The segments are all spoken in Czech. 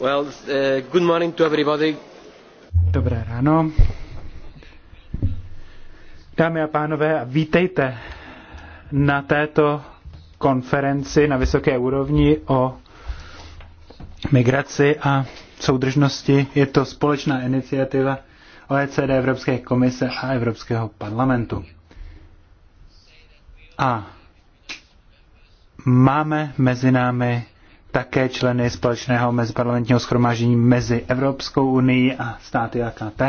Uh, Dobré ráno. Dámy a pánové, vítejte na této konferenci na vysoké úrovni o migraci a soudržnosti. Je to společná iniciativa OECD, Evropské komise a Evropského parlamentu. A máme mezi námi také členy společného meziparlamentního schromáždění mezi Evropskou unii a státy AKT.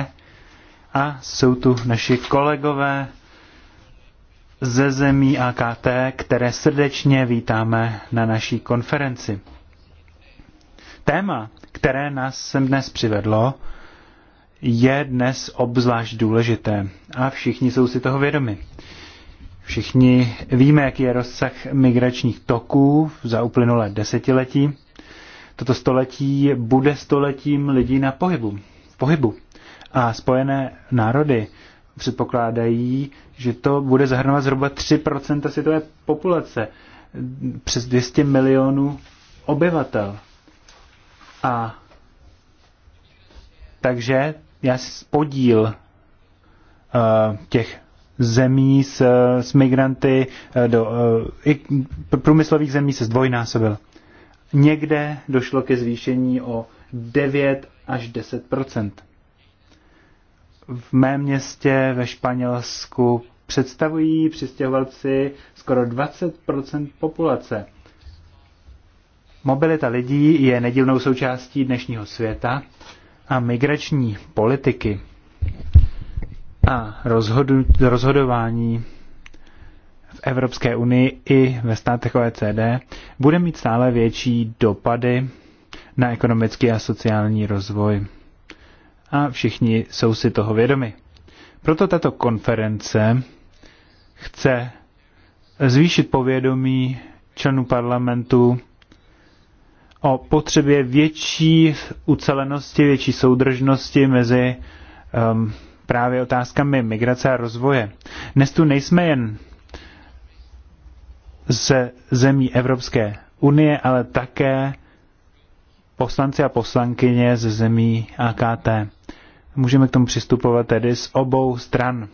A jsou tu naši kolegové ze zemí AKT, které srdečně vítáme na naší konferenci. Téma, které nás sem dnes přivedlo, je dnes obzvlášť důležité a všichni jsou si toho vědomi. Všichni víme, jaký je rozsah migračních toků za uplynulé desetiletí. Toto století bude stoletím lidí na pohybu. V pohybu. A spojené národy předpokládají, že to bude zahrnovat zhruba 3% světové populace, přes 200 milionů obyvatel. A takže já podíl uh, těch zemí s, s migranty eh, do eh, i průmyslových zemí se zdvojnásobil. Někde došlo ke zvýšení o 9 až 10 V mém městě ve Španělsku představují přistěhovalci skoro 20 populace. Mobilita lidí je nedílnou součástí dnešního světa a migrační politiky a rozhodu, rozhodování v Evropské unii i ve státech OECD bude mít stále větší dopady na ekonomický a sociální rozvoj. A všichni jsou si toho vědomi. Proto tato konference chce zvýšit povědomí členů parlamentu o potřebě větší ucelenosti, větší soudržnosti mezi um, právě otázkami migrace a rozvoje. Dnes tu nejsme jen ze zemí Evropské unie, ale také poslanci a poslankyně ze zemí AKT. Můžeme k tomu přistupovat tedy z obou stran.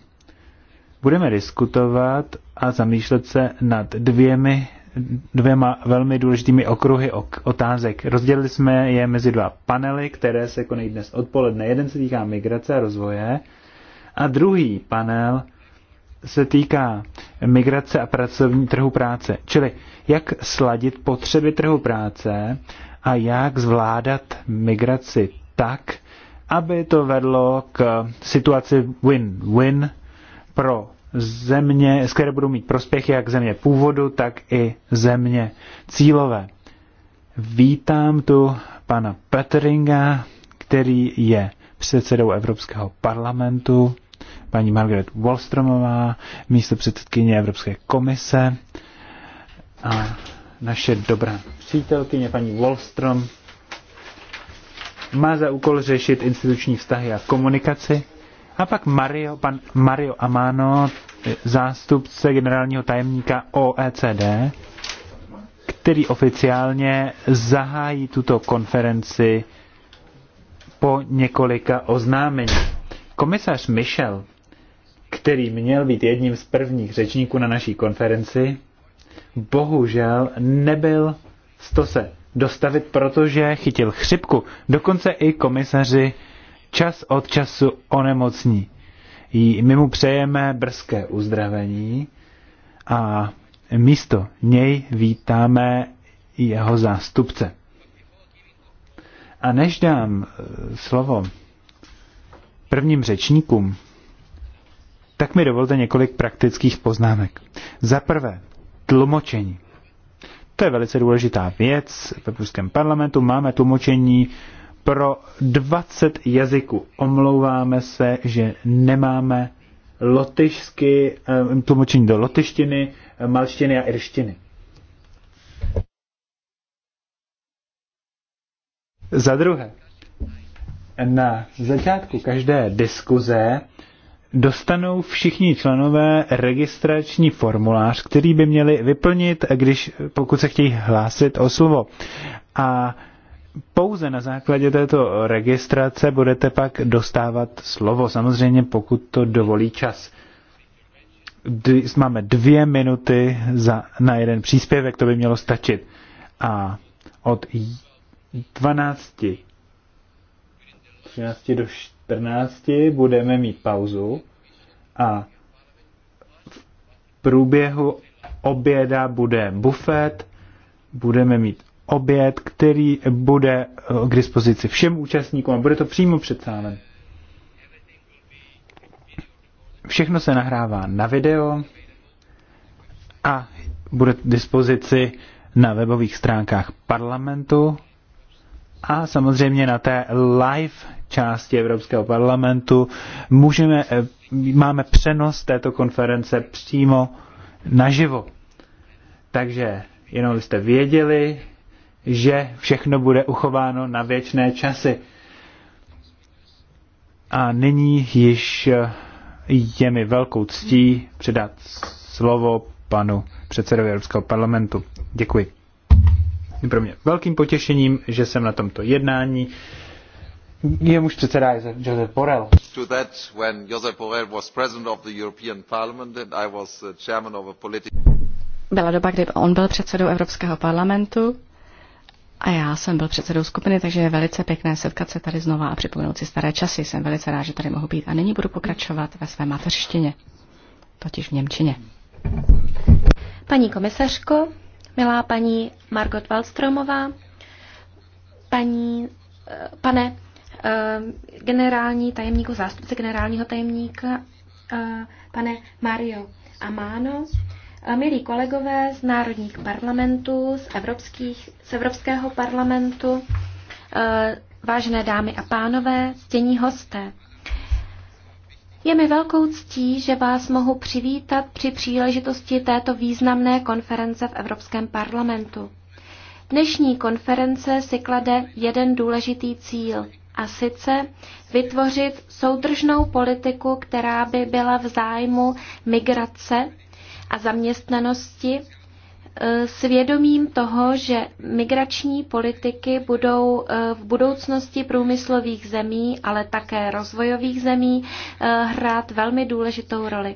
Budeme diskutovat a zamýšlet se nad dvěmi, dvěma velmi důležitými okruhy ok, otázek. Rozdělili jsme je mezi dva panely, které se konají dnes odpoledne. Jeden se týká migrace a rozvoje a druhý panel se týká migrace a pracovní trhu práce. Čili jak sladit potřeby trhu práce a jak zvládat migraci tak, aby to vedlo k situaci win-win pro země, z které budou mít prospěch jak země původu, tak i země cílové. Vítám tu pana Petringa, který je předsedou Evropského parlamentu paní Margaret Wallstromová, místo předsedkyně Evropské komise a naše dobrá přítelkyně paní Wallstrom má za úkol řešit instituční vztahy a komunikaci. A pak Mario, pan Mario Amano, zástupce generálního tajemníka OECD, který oficiálně zahájí tuto konferenci po několika oznámeních. Komisař Michel, který měl být jedním z prvních řečníků na naší konferenci, bohužel nebyl to se dostavit, protože chytil chřipku. Dokonce i komisaři čas od času onemocní. My mu přejeme brzké uzdravení a místo něj vítáme jeho zástupce. A než dám eh, slovo prvním řečníkům, tak mi dovolte několik praktických poznámek. Za prvé, tlumočení. To je velice důležitá věc. V Evropském parlamentu máme tlumočení pro 20 jazyků. Omlouváme se, že nemáme lotyšsky, eh, tlumočení do lotyštiny, eh, malštiny a irštiny. Za druhé, na začátku každé diskuze dostanou všichni členové registrační formulář, který by měli vyplnit, když, pokud se chtějí hlásit o slovo. A pouze na základě této registrace budete pak dostávat slovo, samozřejmě pokud to dovolí čas. D- máme dvě minuty za, na jeden příspěvek, to by mělo stačit. A od 12 13 do 14 budeme mít pauzu a v průběhu oběda bude bufet, budeme mít oběd, který bude eh, k dispozici všem účastníkům a bude to přímo před sálem. Všechno se nahrává na video a bude k dispozici na webových stránkách parlamentu a samozřejmě na té live části Evropského parlamentu můžeme, eh, máme přenos této konference přímo naživo. Takže jenom jste věděli, že všechno bude uchováno na věčné časy. A nyní již eh, je mi velkou ctí předat slovo panu předsedovi Evropského parlamentu. Děkuji. Je pro mě velkým potěšením, že jsem na tomto jednání. muž předseda Josep Borrell. To that when Josep Borrell was president of the European Parliament and I was uh, chairman of a political... Byla doba, kdy on byl předsedou Evropského parlamentu a já jsem byl předsedou skupiny, takže je velice pěkné setkat se tady znova a připomenout si staré časy. Jsem velice rád, že tady mohu být a nyní budu pokračovat ve své mateřštině, totiž v Němčině. Paní komisařko, Milá paní Margot Wallstromová, paní, eh, pane eh, generální tajemníku, zástupce generálního tajemníka, eh, pane Mario Amano, milí kolegové z národních parlamentů, z, evropských, z Evropského parlamentu, vážené dámy a pánové, stění hosté. Je mi velkou ctí, že vás mohu přivítat při příležitosti této významné konference v Evropském parlamentu. Dnešní konference si klade jeden důležitý cíl, a sice vytvořit soudržnou politiku, která by byla v zájmu migrace a zaměstnanosti E, svědomím toho, že migrační politiky budou e, v budoucnosti průmyslových zemí, ale také rozvojových zemí e, hrát velmi důležitou roli.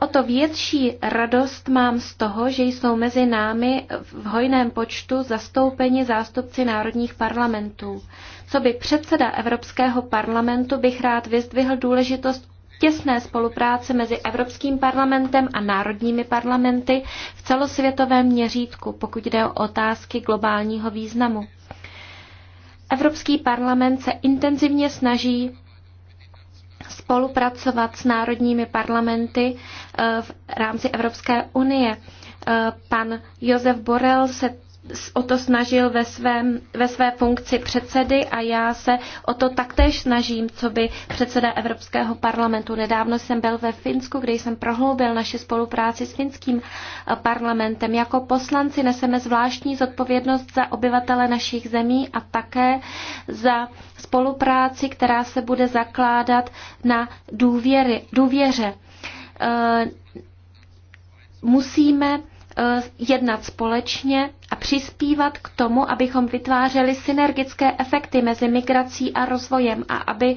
O to větší radost mám z toho, že jsou mezi námi v hojném počtu zastoupeni zástupci národních parlamentů. Co by předseda Evropského parlamentu bych rád vyzdvihl důležitost těsné spolupráce mezi Evropským parlamentem a národními parlamenty v celosvětovém měřítku, pokud jde o otázky globálního významu. Evropský parlament se intenzivně snaží spolupracovat s národními parlamenty eh, v rámci Evropské unie. Eh, pan Josef Borel se o to snažil ve, svém, ve své funkci předsedy a já se o to taktéž snažím, co by předseda Evropského parlamentu. Nedávno jsem byl ve Finsku, kde jsem prohloubil naši spolupráci s finským eh, parlamentem. Jako poslanci neseme zvláštní zodpovědnost za obyvatele našich zemí a také za spolupráci, která se bude zakládat na důvěry, důvěře. Eh, musíme Eh, jednat společně a přispívat k tomu, abychom vytvářeli synergické efekty mezi migrací a rozvojem a aby,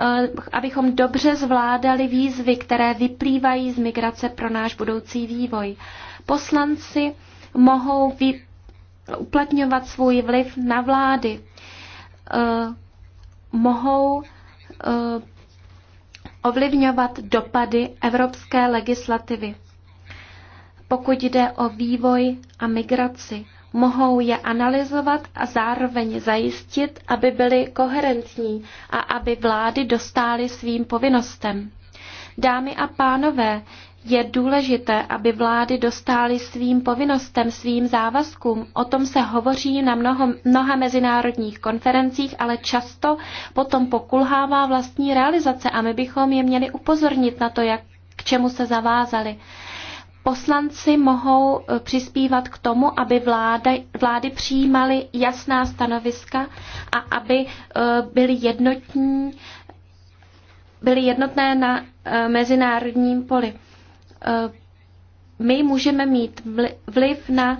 eh, abychom dobře zvládali výzvy, které vyplývají z migrace pro náš budoucí vývoj. Poslanci mohou vy, uplatňovat svůj vliv na vlády, eh, mohou ovlivňovat dopady evropské legislativy pokud jde o vývoj a migraci. Mohou je analyzovat a zároveň zajistit, aby byly koherentní a aby vlády dostály svým povinnostem. Dámy a pánové, je důležité, aby vlády dostály svým povinnostem, svým závazkům. O tom se hovoří na mnoho, mnoha mezinárodních konferencích, ale často potom pokulhává vlastní realizace a my bychom je měli upozornit na to, jak, k čemu se zavázali poslanci mohou eh, přispívat k tomu, aby vláda, vlády přijímaly jasná stanoviska a aby eh, byly jednotní, byly jednotné na eh, mezinárodním poli. My můžeme mít vliv na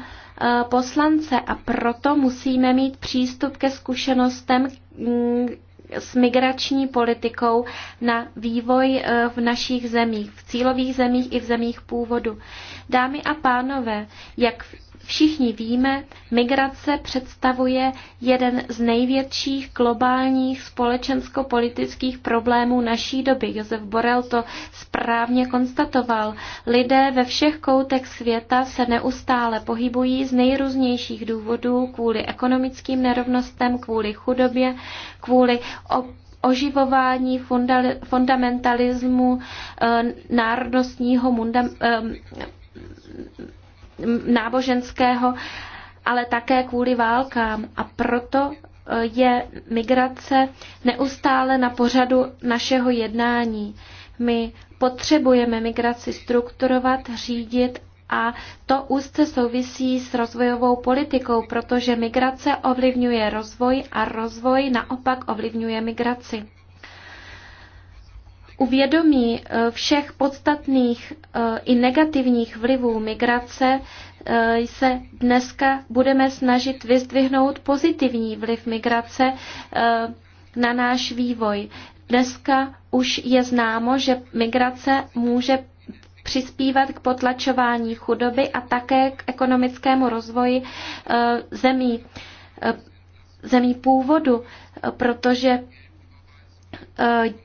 poslance a proto musíme mít přístup ke zkušenostem, mm, s migrační politikou na vývoj eh, v našich zemích, v cílových zemích i v zemích původu. Dámy a pánové, jak v Všichni víme, migrace představuje jeden z největších globálních společensko-politických problémů naší doby. Josef Borel to správně konstatoval. Lidé ve všech koutech světa se neustále pohybují z nejrůznějších důvodů kvůli ekonomickým nerovnostem, kvůli chudobě, kvůli oživování funda- fundamentalismu eh, národnostního munda- eh, náboženského, ale také kvůli válkám. A proto eh, je migrace neustále na pořadu našeho jednání. My potřebujeme migraci strukturovat, řídit a to úzce souvisí s rozvojovou politikou, protože migrace ovlivňuje rozvoj a rozvoj naopak ovlivňuje migraci uvědomí eh, všech podstatných eh, i negativních vlivů migrace, eh, se dneska budeme snažit vyzdvihnout pozitivní vliv migrace na náš vývoj. Dneska už je známo, že migrace může přispívat k potlačování chudoby a také k ekonomickému rozvoji zemí, zemí původu, protože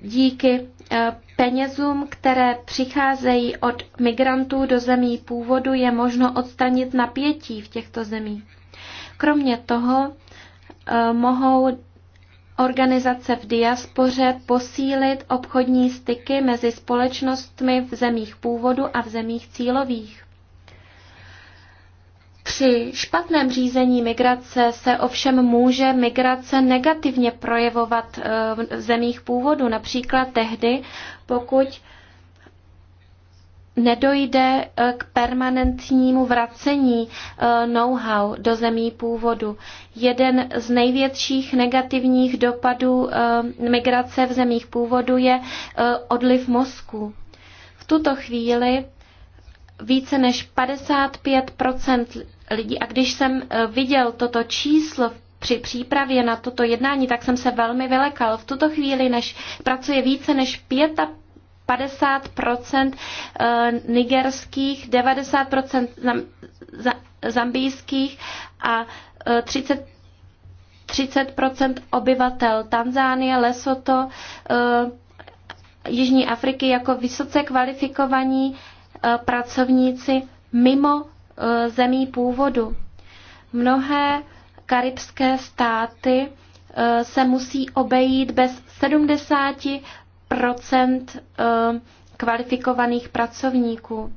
díky Eh, penězům, které přicházejí od migrantů do zemí původu, je možno odstranit napětí v těchto zemích. Kromě toho eh, mohou organizace v diaspoře posílit obchodní styky mezi společnostmi v zemích původu a v zemích cílových. Při špatném řízení migrace se ovšem může migrace negativně projevovat eh, v zemích původu, například tehdy, pokud nedojde eh, k permanentnímu vracení eh, know-how do zemí původu. Jeden z největších negativních dopadů migrace v zemích původu je odliv mozku. V tuto chvíli více než 55 lidí. A když jsem eh, viděl toto číslo při přípravě na toto jednání, tak jsem se velmi vylekal. V tuto chvíli než pracuje více než 55 eh, nigerských, 90 zambijských a 30 eh, 30 obyvatel Tanzánie, Lesoto, Jižní Afriky jako vysoce kvalifikovaní pracovníci mimo Eh, zemí původu. Mnohé karibské státy eh, se musí obejít bez 70 eh, kvalifikovaných pracovníků.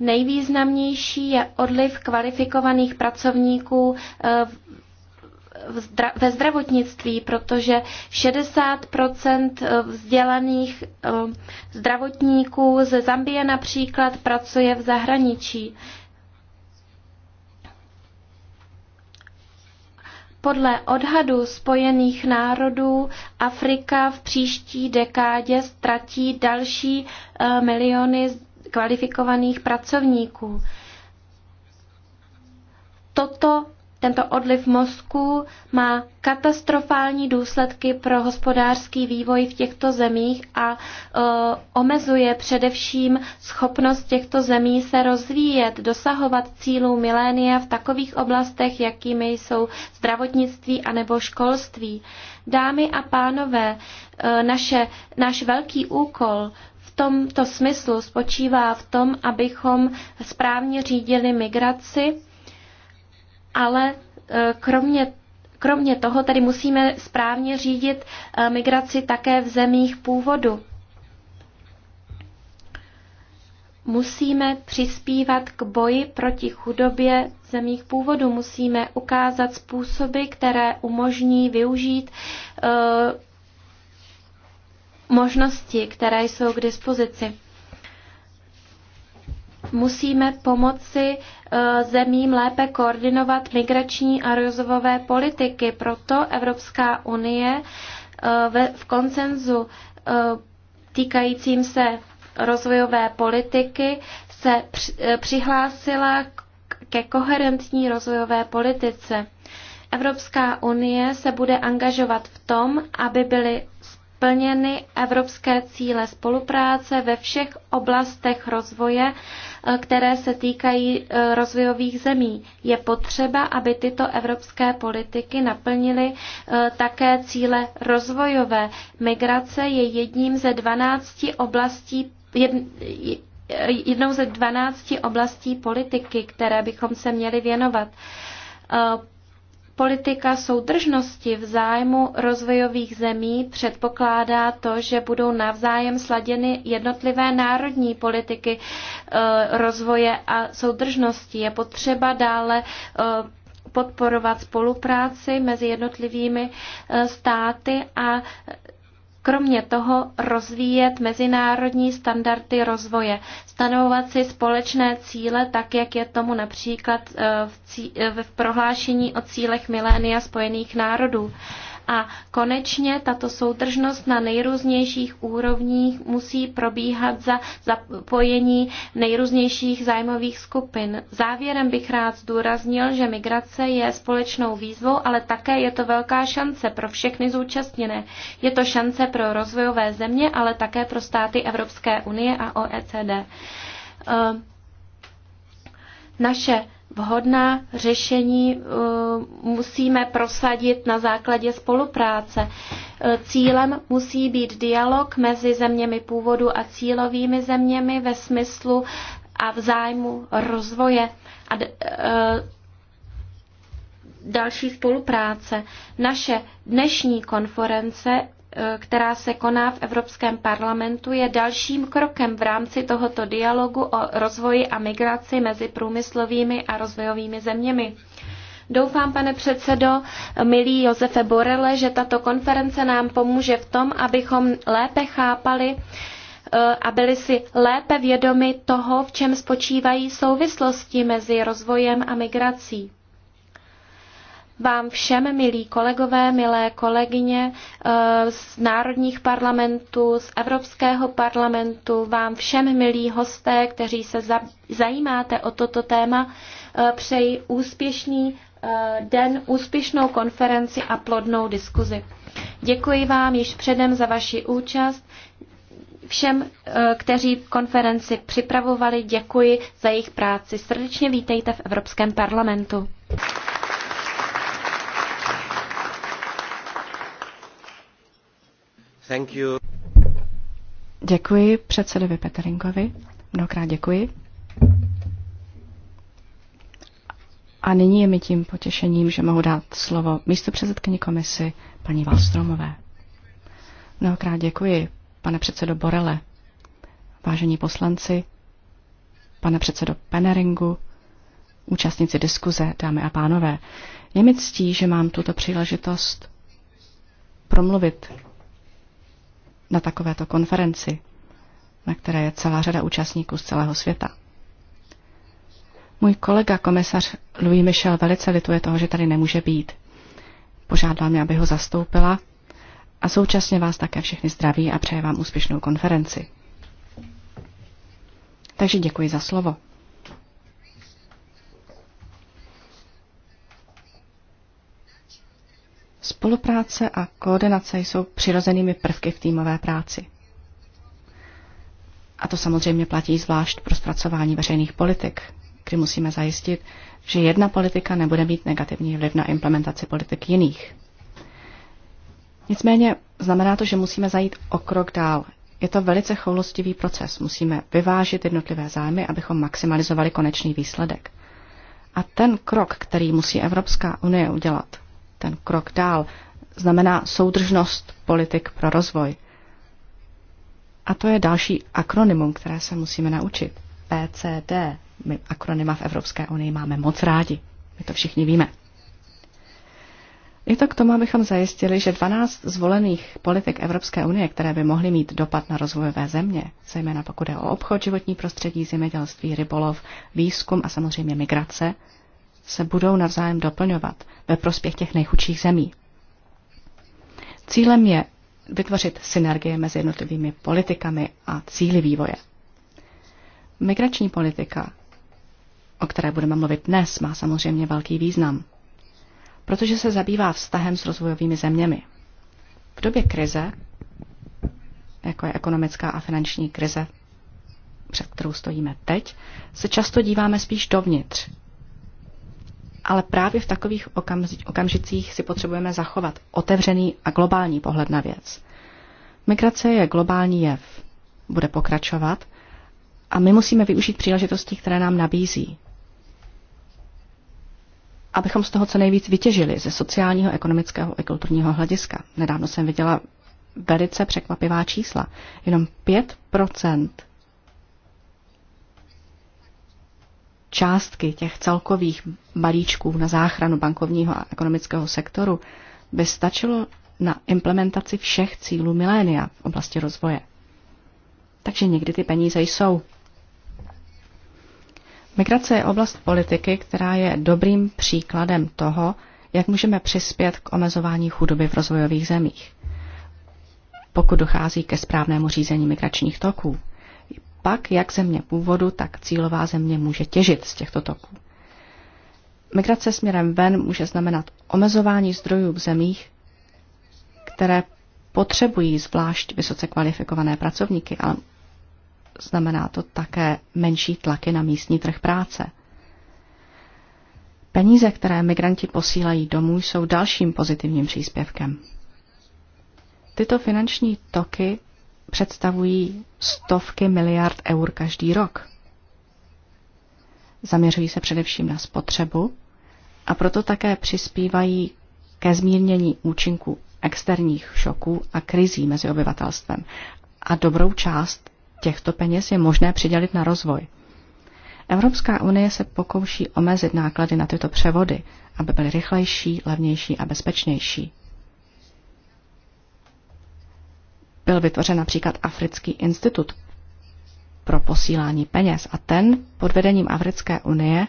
Nejvýznamnější je odliv kvalifikovaných pracovníků ve zdravotnictví, protože 60 eh, vzdělaných eh, zdravotníků ze Zambie například pracuje v zahraničí. Podle odhadu Spojených národů Afrika v příští dekádě ztratí další eh, miliony kvalifikovaných pracovníků. Toto tento odliv mozku má katastrofální důsledky pro hospodářský vývoj v těchto zemích a e, omezuje především schopnost těchto zemí se rozvíjet, dosahovat cílů milénia v takových oblastech, jakými jsou zdravotnictví anebo školství. Dámy a pánové, e, naše, náš velký úkol v tomto smyslu spočívá v tom, abychom správně řídili migraci, ale e, kromě Kromě toho tedy musíme správně řídit e, migraci také v zemích původu. Musíme přispívat k boji proti chudobě v zemích původu. Musíme ukázat způsoby, které umožní využít e, možnosti, které jsou k dispozici. Musíme pomoci eh, zemím lépe koordinovat migrační a rozvojové politiky. Proto Evropská unie eh, v koncenzu eh, týkajícím se rozvojové politiky se přihlásila ke koherentní rozvojové politice. Evropská unie se bude angažovat v tom, aby byly splněny evropské cíle spolupráce ve všech oblastech rozvoje, eh, které se týkají eh, rozvojových zemí. Je potřeba, aby tyto evropské politiky naplnily eh, také cíle rozvojové. Migrace je jedním ze 12 oblastí jednou ze 12 oblastí politiky, které bychom se měli věnovat politika soudržnosti v zájmu rozvojových zemí předpokládá to, že budou navzájem sladěny jednotlivé národní politiky eh, rozvoje a soudržnosti. Je potřeba dále eh, podporovat spolupráci mezi jednotlivými eh, státy a kromě toho rozvíjet mezinárodní standardy rozvoje, stanovovat si společné cíle, tak jak je tomu například eh, v, cí, eh, v prohlášení o cílech milénia Spojených národů. A konečně tato soudržnost na nejrůznějších úrovních musí probíhat za zapojení nejrůznějších zájmových skupin. Závěrem bych rád zdůraznil, že migrace je společnou výzvou, ale také je to velká šance pro všechny zúčastněné. Je to šance pro rozvojové země, ale také pro státy Evropské unie a OECD. Ehm, naše vhodná řešení eh, musíme prosadit na základě spolupráce. Eh, cílem musí být dialog mezi zeměmi původu a cílovými zeměmi ve smyslu a v zájmu rozvoje a eh, další spolupráce. Naše dnešní konference která se koná v Evropském parlamentu, je dalším krokem v rámci tohoto dialogu o rozvoji a migraci mezi průmyslovými a rozvojovými zeměmi. Doufám, pane předsedo, milý Josefe Borele, že tato konference nám pomůže v tom, abychom lépe chápali eh, a byli si lépe vědomi toho, v čem spočívají souvislosti mezi rozvojem a migrací vám všem, milí kolegové, milé kolegyně eh, z národních parlamentů, z Evropského parlamentu, vám všem, milí hosté, kteří se zajímáte o toto téma, eh, přeji úspěšný eh, den, úspěšnou konferenci a plodnou diskuzi. Děkuji vám již předem za vaši účast. Všem, kteří konferenci připravovali, děkuji za jejich práci. Srdečně vítejte v Evropském parlamentu. Thank you. Děkuji předsedovi Peterinkovi. Mnohokrát děkuji. A nyní je mi tím potěšením, že mohu dát slovo místo předsedkyni komisy paní Valstromové. Mnohokrát děkuji, pane předsedo Borele, vážení poslanci, pane předsedo Peneringu, účastníci diskuze, dámy a pánové. Je mi ctí, že mám tuto příležitost promluvit na takovéto konferenci, na které je celá řada účastníků z celého světa. Můj kolega, komisař Louis Michel, velice lituje toho, že tady nemůže být. Požádala mě, aby ho zastoupila a současně vás také všechny zdraví a přeje vám úspěšnou konferenci. Takže děkuji za slovo. Spolupráce a koordinace jsou přirozenými prvky v týmové práci. A to samozřejmě platí zvlášť pro zpracování veřejných politik, kdy musíme zajistit, že jedna politika nebude mít negativní vliv na implementaci politik jiných. Nicméně znamená to, že musíme zajít o krok dál. Je to velice choulostivý proces. Musíme vyvážit jednotlivé zájmy, abychom maximalizovali konečný výsledek. A ten krok, který musí Evropská unie udělat, ten krok dál. Znamená soudržnost politik pro rozvoj. A to je další akronymum, které se musíme naučit. PCD. My akronyma v Evropské unii máme moc rádi. My to všichni víme. Je to k tomu, abychom zajistili, že 12 zvolených politik Evropské unie, které by mohly mít dopad na rozvojové země, zejména pokud je o obchod, životní prostředí, zemědělství, rybolov, výzkum a samozřejmě migrace, se budou navzájem doplňovat ve prospěch těch nejchudších zemí. Cílem je vytvořit synergie mezi jednotlivými politikami a cíly vývoje. Migrační politika, o které budeme mluvit dnes, má samozřejmě velký význam, protože se zabývá vztahem s rozvojovými zeměmi. V době krize, jako je ekonomická a finanční krize, před kterou stojíme teď, se často díváme spíš dovnitř ale právě v takových okamžicích si potřebujeme zachovat otevřený a globální pohled na věc. Migrace je globální jev. Bude pokračovat a my musíme využít příležitosti, které nám nabízí. Abychom z toho co nejvíc vytěžili ze sociálního, ekonomického i kulturního hlediska. Nedávno jsem viděla velice překvapivá čísla. Jenom 5 částky těch celkových balíčků na záchranu bankovního a ekonomického sektoru by stačilo na implementaci všech cílů milénia v oblasti rozvoje. Takže někdy ty peníze jsou. Migrace je oblast politiky, která je dobrým příkladem toho, jak můžeme přispět k omezování chudoby v rozvojových zemích, pokud dochází ke správnému řízení migračních toků pak jak země původu, tak cílová země může těžit z těchto toků. Migrace směrem ven může znamenat omezování zdrojů v zemích, které potřebují zvlášť vysoce kvalifikované pracovníky, ale znamená to také menší tlaky na místní trh práce. Peníze, které migranti posílají domů, jsou dalším pozitivním příspěvkem. Tyto finanční toky představují stovky miliard eur každý rok. Zaměřují se především na spotřebu a proto také přispívají ke zmírnění účinků externích šoků a krizí mezi obyvatelstvem. A dobrou část těchto peněz je možné přidělit na rozvoj. Evropská unie se pokouší omezit náklady na tyto převody, aby byly rychlejší, levnější a bezpečnější. byl vytvořen například Africký institut pro posílání peněz a ten pod vedením Africké unie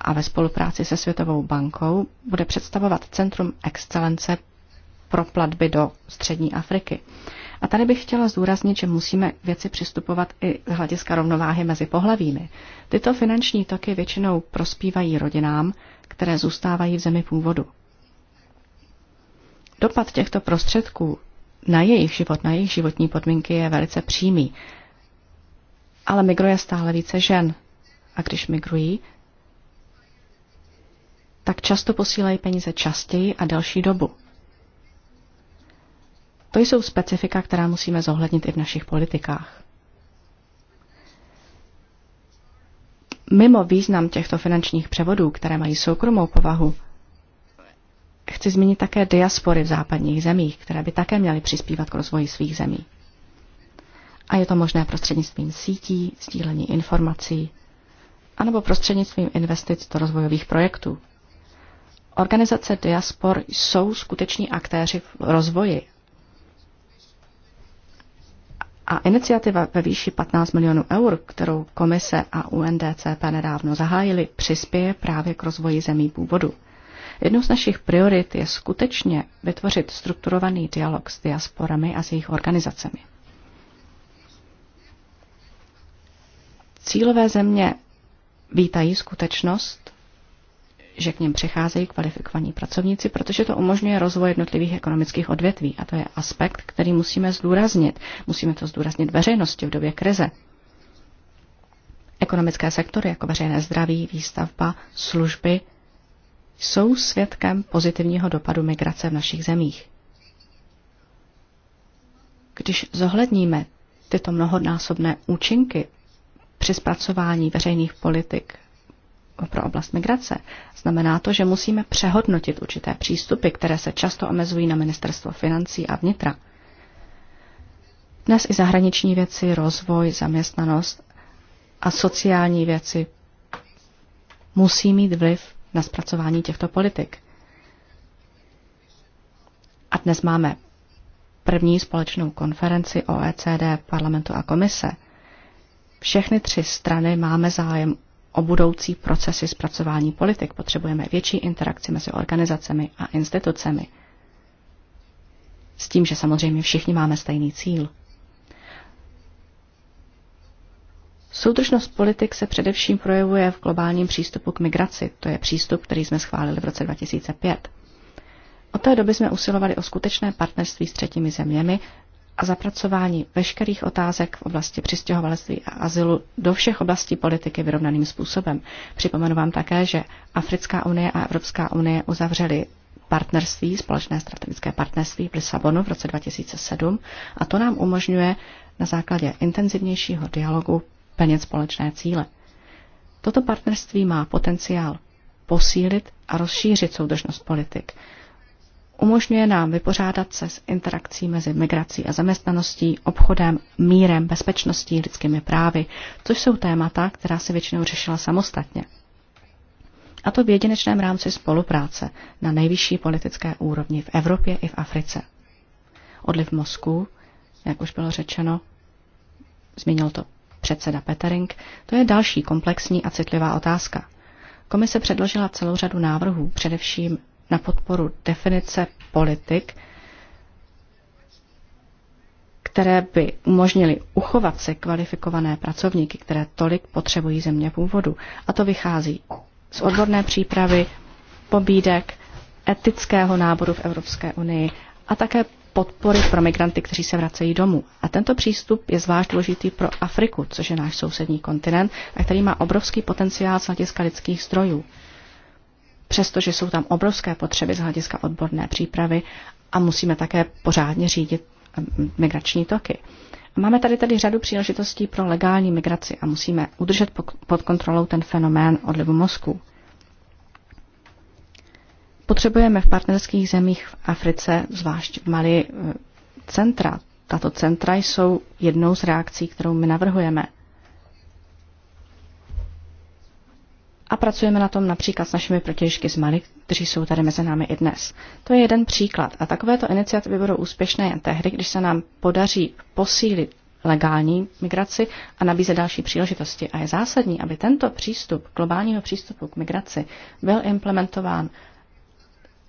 a ve spolupráci se Světovou bankou bude představovat Centrum excelence pro platby do střední Afriky. A tady bych chtěla zdůraznit, že musíme věci přistupovat i z hlediska rovnováhy mezi pohlavími. Tyto finanční toky většinou prospívají rodinám, které zůstávají v zemi původu. Dopad těchto prostředků na jejich život, na jejich životní podmínky je velice přímý. Ale migruje stále více žen. A když migrují, tak často posílají peníze častěji a delší dobu. To jsou specifika, která musíme zohlednit i v našich politikách. Mimo význam těchto finančních převodů, které mají soukromou povahu, Chci zmínit také diaspory v západních zemích, které by také měly přispívat k rozvoji svých zemí. A je to možné prostřednictvím sítí, sdílení informací, anebo prostřednictvím investic do rozvojových projektů. Organizace diaspor jsou skuteční aktéři v rozvoji. A iniciativa ve výši 15 milionů eur, kterou komise a UNDCP nedávno zahájili, přispěje právě k rozvoji zemí původu. Jednou z našich priorit je skutečně vytvořit strukturovaný dialog s diasporami a s jejich organizacemi. Cílové země vítají skutečnost, že k něm přicházejí kvalifikovaní pracovníci, protože to umožňuje rozvoj jednotlivých ekonomických odvětví. A to je aspekt, který musíme zdůraznit. Musíme to zdůraznit veřejnosti v době krize. Ekonomické sektory jako veřejné zdraví, výstavba, služby jsou svědkem pozitivního dopadu migrace v našich zemích. Když zohledníme tyto mnohonásobné účinky při zpracování veřejných politik pro oblast migrace, znamená to, že musíme přehodnotit určité přístupy, které se často omezují na ministerstvo financí a vnitra. Dnes i zahraniční věci, rozvoj, zaměstnanost a sociální věci musí mít vliv na zpracování těchto politik. A dnes máme první společnou konferenci OECD, parlamentu a komise. Všechny tři strany máme zájem o budoucí procesy zpracování politik. Potřebujeme větší interakci mezi organizacemi a institucemi. S tím, že samozřejmě všichni máme stejný cíl. Soudržnost politik se především projevuje v globálním přístupu k migraci. To je přístup, který jsme schválili v roce 2005. Od té doby jsme usilovali o skutečné partnerství s třetími zeměmi a zapracování veškerých otázek v oblasti přistěhovalectví a azylu do všech oblastí politiky vyrovnaným způsobem. Připomenu vám také, že Africká unie a Evropská unie uzavřely partnerství, společné strategické partnerství v Lisabonu v roce 2007 a to nám umožňuje na základě intenzivnějšího dialogu plnit společné cíle. Toto partnerství má potenciál posílit a rozšířit soudržnost politik. Umožňuje nám vypořádat se s interakcí mezi migrací a zaměstnaností, obchodem, mírem, bezpečností, lidskými právy, což jsou témata, která se většinou řešila samostatně. A to v jedinečném rámci spolupráce na nejvyšší politické úrovni v Evropě i v Africe. Odliv mozku, jak už bylo řečeno, zmínil to předseda Petering, to je další komplexní a citlivá otázka. Komise předložila celou řadu návrhů, především na podporu definice politik, které by umožnily uchovat se kvalifikované pracovníky, které tolik potřebují země původu. A to vychází z odborné přípravy, pobídek, etického náboru v Evropské unii a také podpory pro migranty, kteří se vracejí domů. A tento přístup je zvlášť důležitý pro Afriku, což je náš sousední kontinent a který má obrovský potenciál z hlediska lidských zdrojů. Přestože jsou tam obrovské potřeby z hlediska odborné přípravy a musíme také pořádně řídit migrační toky. Máme tady tady řadu příležitostí pro legální migraci a musíme udržet pod kontrolou ten fenomén odlivu mozku. Potřebujeme v partnerských zemích v Africe, zvlášť v Mali, eh, centra. Tato centra jsou jednou z reakcí, kterou my navrhujeme. A pracujeme na tom například s našimi protěžky z Mali, kteří jsou tady mezi námi i dnes. To je jeden příklad. A takovéto iniciativy budou úspěšné jen tehdy, když se nám podaří posílit legální migraci a nabízet další příležitosti. A je zásadní, aby tento přístup, globálního přístupu k migraci, byl implementován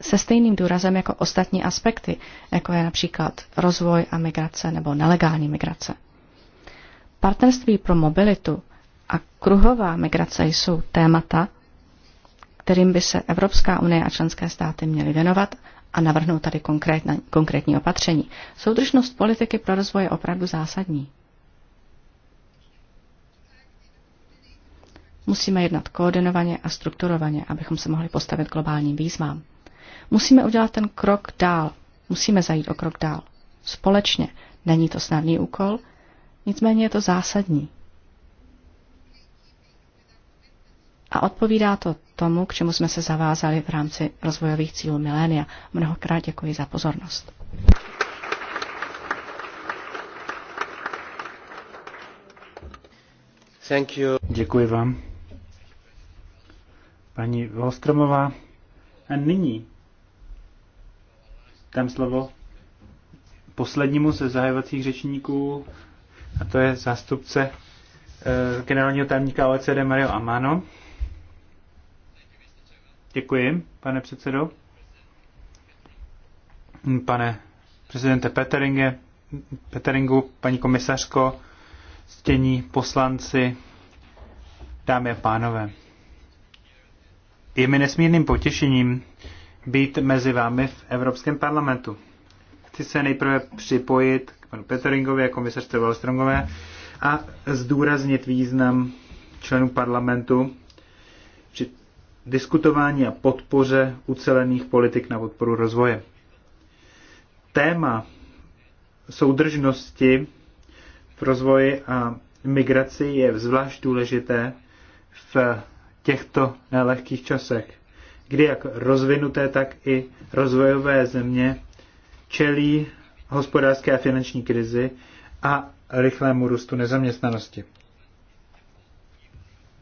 se stejným důrazem jako ostatní aspekty, jako je například rozvoj a migrace nebo nelegální migrace. Partnerství pro mobilitu a kruhová migrace jsou témata, kterým by se Evropská unie a členské státy měly věnovat a navrhnout tady konkrétna, konkrétní opatření. Soudržnost politiky pro rozvoj je opravdu zásadní. Musíme jednat koordinovaně a strukturovaně, abychom se mohli postavit globálním výzvám. Musíme udělat ten krok dál. Musíme zajít o krok dál. Společně. Není to snadný úkol, nicméně je to zásadní. A odpovídá to tomu, k čemu jsme se zavázali v rámci rozvojových cílů milénia. Mnohokrát děkuji za pozornost. Thank you. Děkuji vám. Paní Volstromová. A nyní dám slovo poslednímu ze zahajovacích řečníků, a to je zástupce e, generálního tajemníka OECD Mario Amano. Děkuji, pane předsedo. Pane prezidente Peteringe, Peteringu, paní komisařko, stění poslanci, dámy a pánové. Je mi nesmírným potěšením být mezi vámi v Evropském parlamentu. Chci se nejprve připojit k panu Peteringovi a komisařce Wallstrongové a zdůraznit význam členů parlamentu při diskutování a podpoře ucelených politik na podporu rozvoje. Téma soudržnosti v rozvoji a migraci je zvlášť důležité v těchto nelehkých časech kdy jak rozvinuté, tak i rozvojové země čelí hospodářské a finanční krizi a rychlému růstu nezaměstnanosti.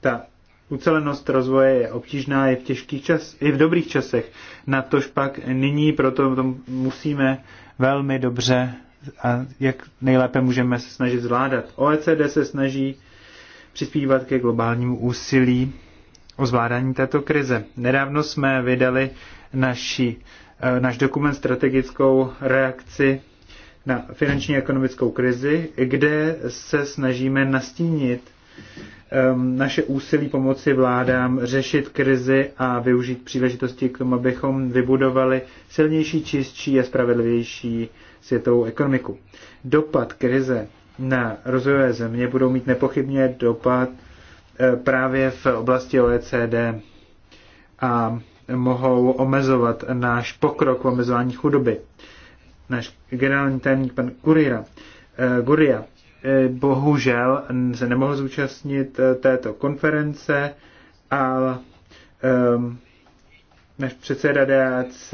Ta ucelenost rozvoje je obtížná i v těžkých čas, i v dobrých časech. Na tož pak nyní proto to musíme velmi dobře a jak nejlépe můžeme se snažit zvládat. OECD se snaží přispívat ke globálnímu úsilí o zvládání této krize. Nedávno jsme vydali naši, eh, naš dokument strategickou reakci na finanční a ekonomickou krizi, kde se snažíme nastínit ehm, naše úsilí pomoci vládám řešit krizi a využít příležitosti k tomu, abychom vybudovali silnější, čistší a spravedlivější světovou ekonomiku. Dopad krize na rozvojové země budou mít nepochybně dopad Eh, právě v oblasti OECD a mohou omezovat náš pokrok v omezování chudoby. Náš generální tajemník pan eh, Guria eh, bohužel se nemohl zúčastnit eh, této konference, ale eh, náš předseda DAC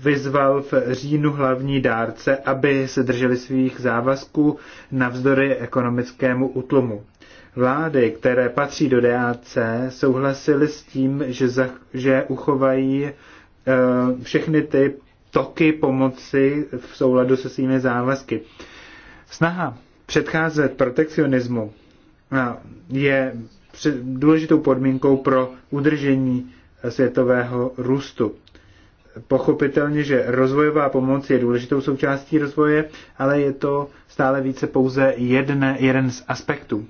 vyzval v říjnu hlavní dárce, aby se drželi svých závazků navzdory ekonomickému utlumu. Vlády, které patří do DAC, souhlasily s tím, že, za, že uchovají e, všechny ty toky pomoci v souladu se svými závazky. Snaha předcházet protekcionismu eh, je důležitou podmínkou pro udržení eh, světového růstu. Pochopitelně, že rozvojová pomoc je důležitou součástí rozvoje, ale je to stále více pouze jedne, jeden z aspektů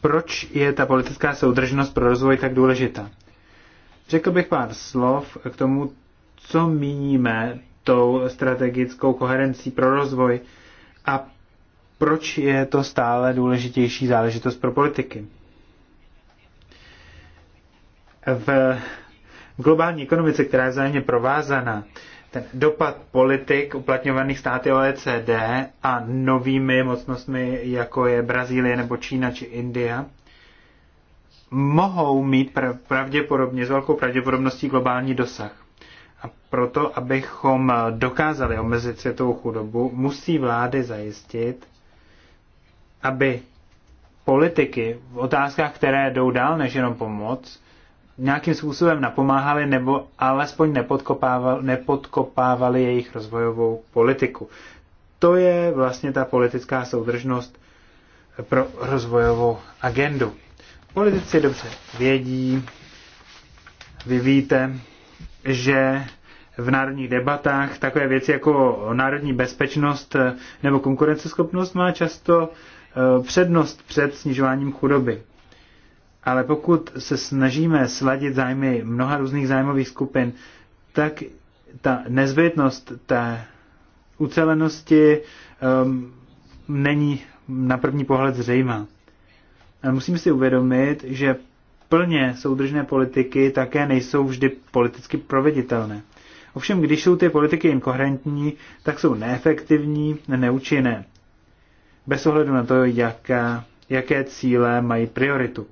proč je ta politická soudržnost pro rozvoj tak důležitá. Řekl bych pár slov k tomu, co míníme tou strategickou koherencí pro rozvoj a proč je to stále důležitější záležitost pro politiky. V globální ekonomice, která je vzájemně provázaná, ten dopad politik uplatňovaných státy OECD a novými mocnostmi, jako je Brazílie nebo Čína či India, mohou mít pravděpodobně, s velkou pravděpodobností globální dosah. A proto, abychom dokázali omezit světovou chudobu, musí vlády zajistit, aby politiky v otázkách, které jdou dál než jenom pomoc, nějakým způsobem napomáhali nebo alespoň nepodkopávali, nepodkopávali jejich rozvojovou politiku. To je vlastně ta politická soudržnost pro rozvojovou agendu. Politici dobře vědí, vy víte, že v národních debatách takové věci jako národní bezpečnost nebo konkurenceschopnost má často eh, přednost před snižováním chudoby. Ale pokud se snažíme sladit zájmy mnoha různých zájmových skupin, tak ta nezbytnost té ucelenosti um, není na první pohled zřejmá. Ale musíme si uvědomit, že plně soudržné politiky také nejsou vždy politicky proveditelné. Ovšem, když jsou ty politiky inkoherentní, tak jsou neefektivní, neúčinné. Bez ohledu na to, jaká, jaké cíle mají prioritu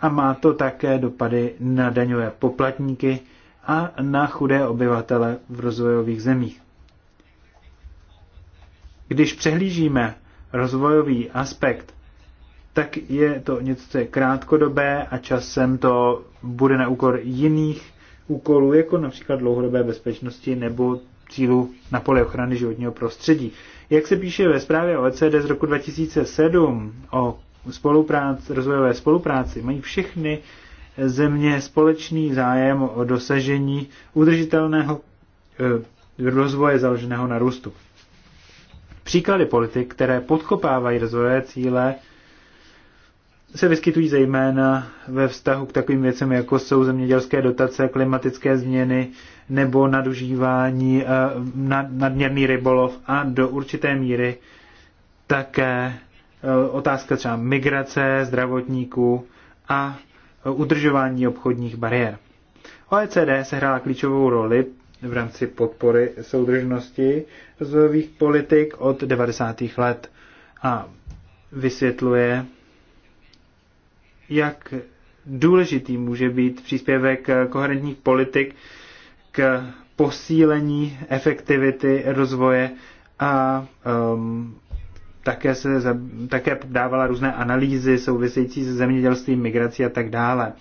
a má to také dopady na daňové poplatníky a na chudé obyvatele v rozvojových zemích. Když přehlížíme rozvojový aspekt, tak je to něco, co je krátkodobé a časem to bude na úkor jiných úkolů, jako například dlouhodobé bezpečnosti nebo cílu na poli ochrany životního prostředí. Jak se píše ve zprávě OECD z roku 2007 o spolupráci, rozvojové spolupráci mají všechny země společný zájem o dosažení udržitelného eh, rozvoje založeného na růstu. Příklady politik, které podkopávají rozvojové cíle, se vyskytují zejména ve vztahu k takovým věcem, jako jsou zemědělské dotace, klimatické změny nebo nadužívání, eh, nadměrný rybolov a do určité míry také Eh, otázka třeba migrace zdravotníků a eh, udržování obchodních bariér. OECD sehrála klíčovou roli v rámci podpory soudržnosti rozvojových politik od 90. let a vysvětluje, jak důležitý může být příspěvek koherentních politik k posílení efektivity rozvoje a um, také, se, také dávala různé analýzy související se zemědělstvím, migrací a tak dále.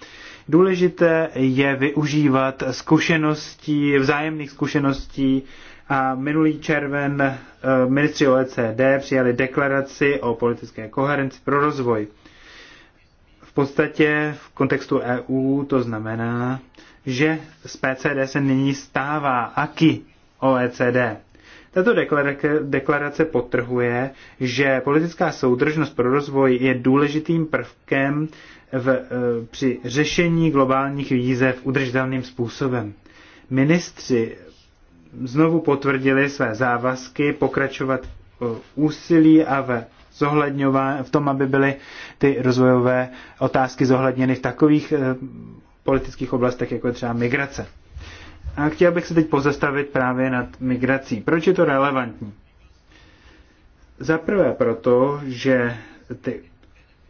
Důležité je využívat zkušeností, vzájemných zkušeností a minulý červen eh, ministři OECD přijali deklaraci o politické koherenci pro rozvoj. V podstatě v kontextu EU to znamená, že z PCD se nyní stává AKI OECD. Tato deklarace potrhuje, že politická soudržnost pro rozvoj je důležitým prvkem v, eh, při řešení globálních výzev udržitelným způsobem. Ministři znovu potvrdili své závazky pokračovat v úsilí a ve v tom, aby byly ty rozvojové otázky zohledněny v takových eh, politických oblastech, jako je třeba migrace. A chtěl bych se teď pozastavit právě nad migrací. Proč je to relevantní? Za prvé proto, že ty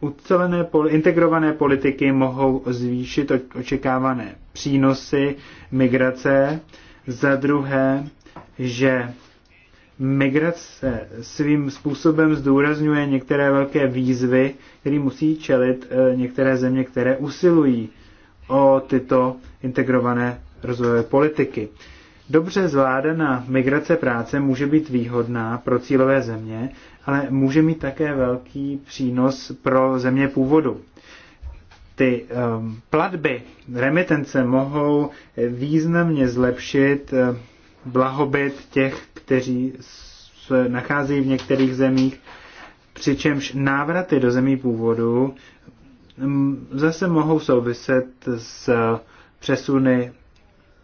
ucelené integrované politiky mohou zvýšit očekávané přínosy migrace. Za druhé, že migrace svým způsobem zdůrazňuje některé velké výzvy, které musí čelit eh, některé země, které usilují o tyto integrované rozvojové politiky. Dobře zvládaná migrace práce může být výhodná pro cílové země, ale může mít také velký přínos pro země původu. Ty um, platby, remitence mohou významně zlepšit um, blahobyt těch, kteří se nacházejí v některých zemích, přičemž návraty do zemí původu um, zase mohou souviset s přesuny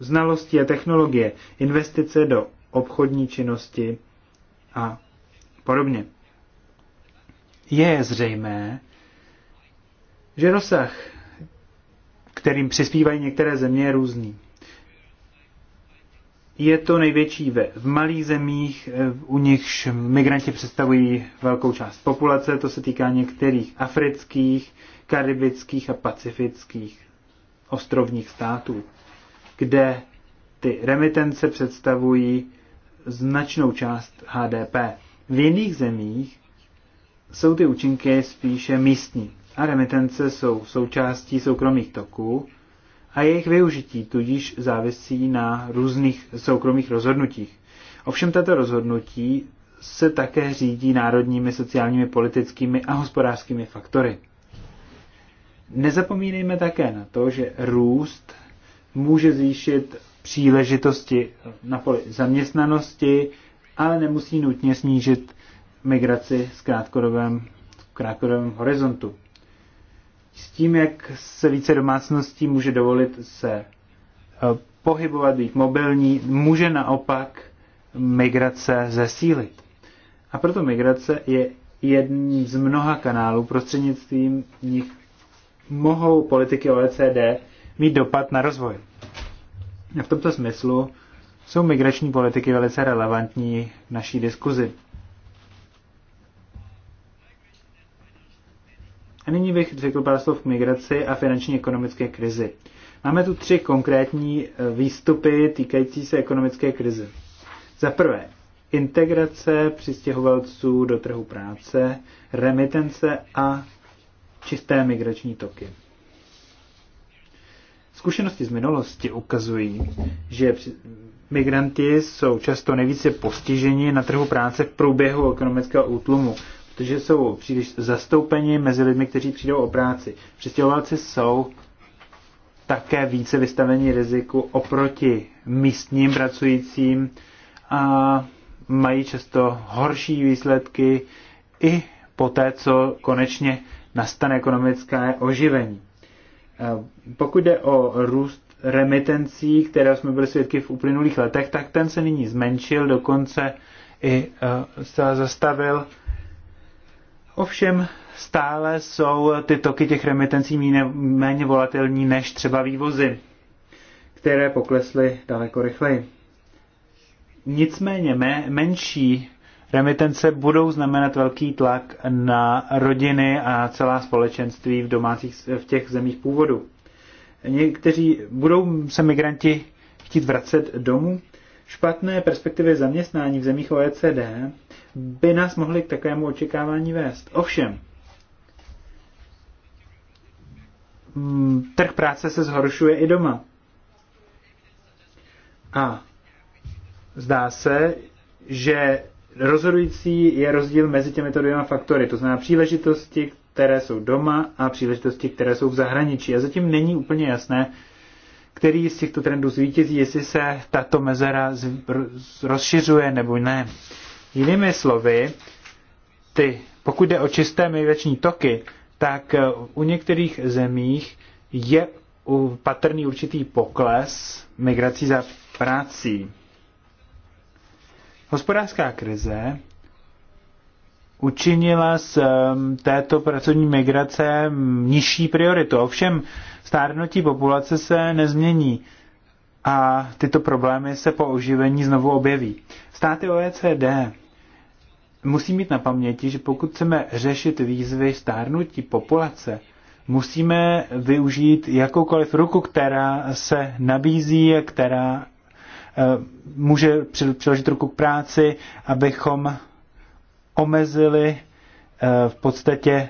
znalosti a technologie, investice do obchodní činnosti a podobně. Je zřejmé, že rozsah, kterým přispívají některé země, je různý. Je to největší ve, v malých zemích, eh, u nichž migranti představují velkou část populace, to se týká některých afrických, karibických a pacifických ostrovních států kde ty remitence představují značnou část HDP. V jiných zemích jsou ty účinky spíše místní a remitence jsou součástí soukromých toků a jejich využití tudíž závisí na různých soukromých rozhodnutích. Ovšem tato rozhodnutí se také řídí národními, sociálními, politickými a hospodářskými faktory. Nezapomínejme také na to, že růst může zvýšit příležitosti na poli zaměstnanosti, ale nemusí nutně snížit migraci s krátkodobém, v krátkodobém horizontu. S tím, jak se více domácností může dovolit se eh, pohybovat, být mobilní, může naopak migrace zesílit. A proto migrace je jedním z mnoha kanálů, prostřednictvím nich mohou politiky OECD mít dopad na rozvoj. A v tomto smyslu jsou migrační politiky velice relevantní v naší diskuzi. A nyní bych řekl pár slov k migraci a finanční ekonomické krizi. Máme tu tři konkrétní eh, výstupy týkající se ekonomické krize. Za prvé, integrace přistěhovalců do trhu práce, remitence a čisté migrační toky. Zkušenosti z minulosti ukazují, že migranti jsou často nejvíce postiženi na trhu práce v průběhu ekonomického útlumu, protože jsou příliš zastoupeni mezi lidmi, kteří přijdou o práci. Přestěhovalci jsou také více vystaveni riziku oproti místním pracujícím a mají často horší výsledky i poté, co konečně nastane ekonomické oživení. Eh, pokud jde o růst remitencí, které jsme byli svědky v uplynulých letech, tak ten se nyní zmenšil, dokonce i eh, se zastavil. Ovšem stále jsou ty toky těch remitencí méně volatilní než třeba vývozy, které poklesly daleko rychleji. Nicméně menší Remitence budou znamenat velký tlak na rodiny a celá společenství v, domácích, v těch zemích původu. Někteří budou se migranti chtít vracet domů. Špatné perspektivy zaměstnání v zemích OECD by nás mohly k takovému očekávání vést. Ovšem, mm, trh práce se zhoršuje i doma. A zdá se, že Rozhodující je rozdíl mezi těmito dvěma faktory, to znamená příležitosti, které jsou doma a příležitosti, které jsou v zahraničí. A zatím není úplně jasné, který z těchto trendů zvítězí, jestli se tato mezera rozšiřuje nebo ne. Jinými slovy, ty, pokud jde o čisté migrační toky, tak eh, u některých zemích je patrný určitý pokles migrací za prací. Hospodářská krize učinila z této pracovní migrace nižší prioritu. Ovšem stárnutí populace se nezmění a tyto problémy se po oživení znovu objeví. Státy OECD musí mít na paměti, že pokud chceme řešit výzvy stárnutí populace, musíme využít jakoukoliv ruku, která se nabízí a která Eh, může přiložit ruku k práci, abychom omezili eh, v podstatě eh,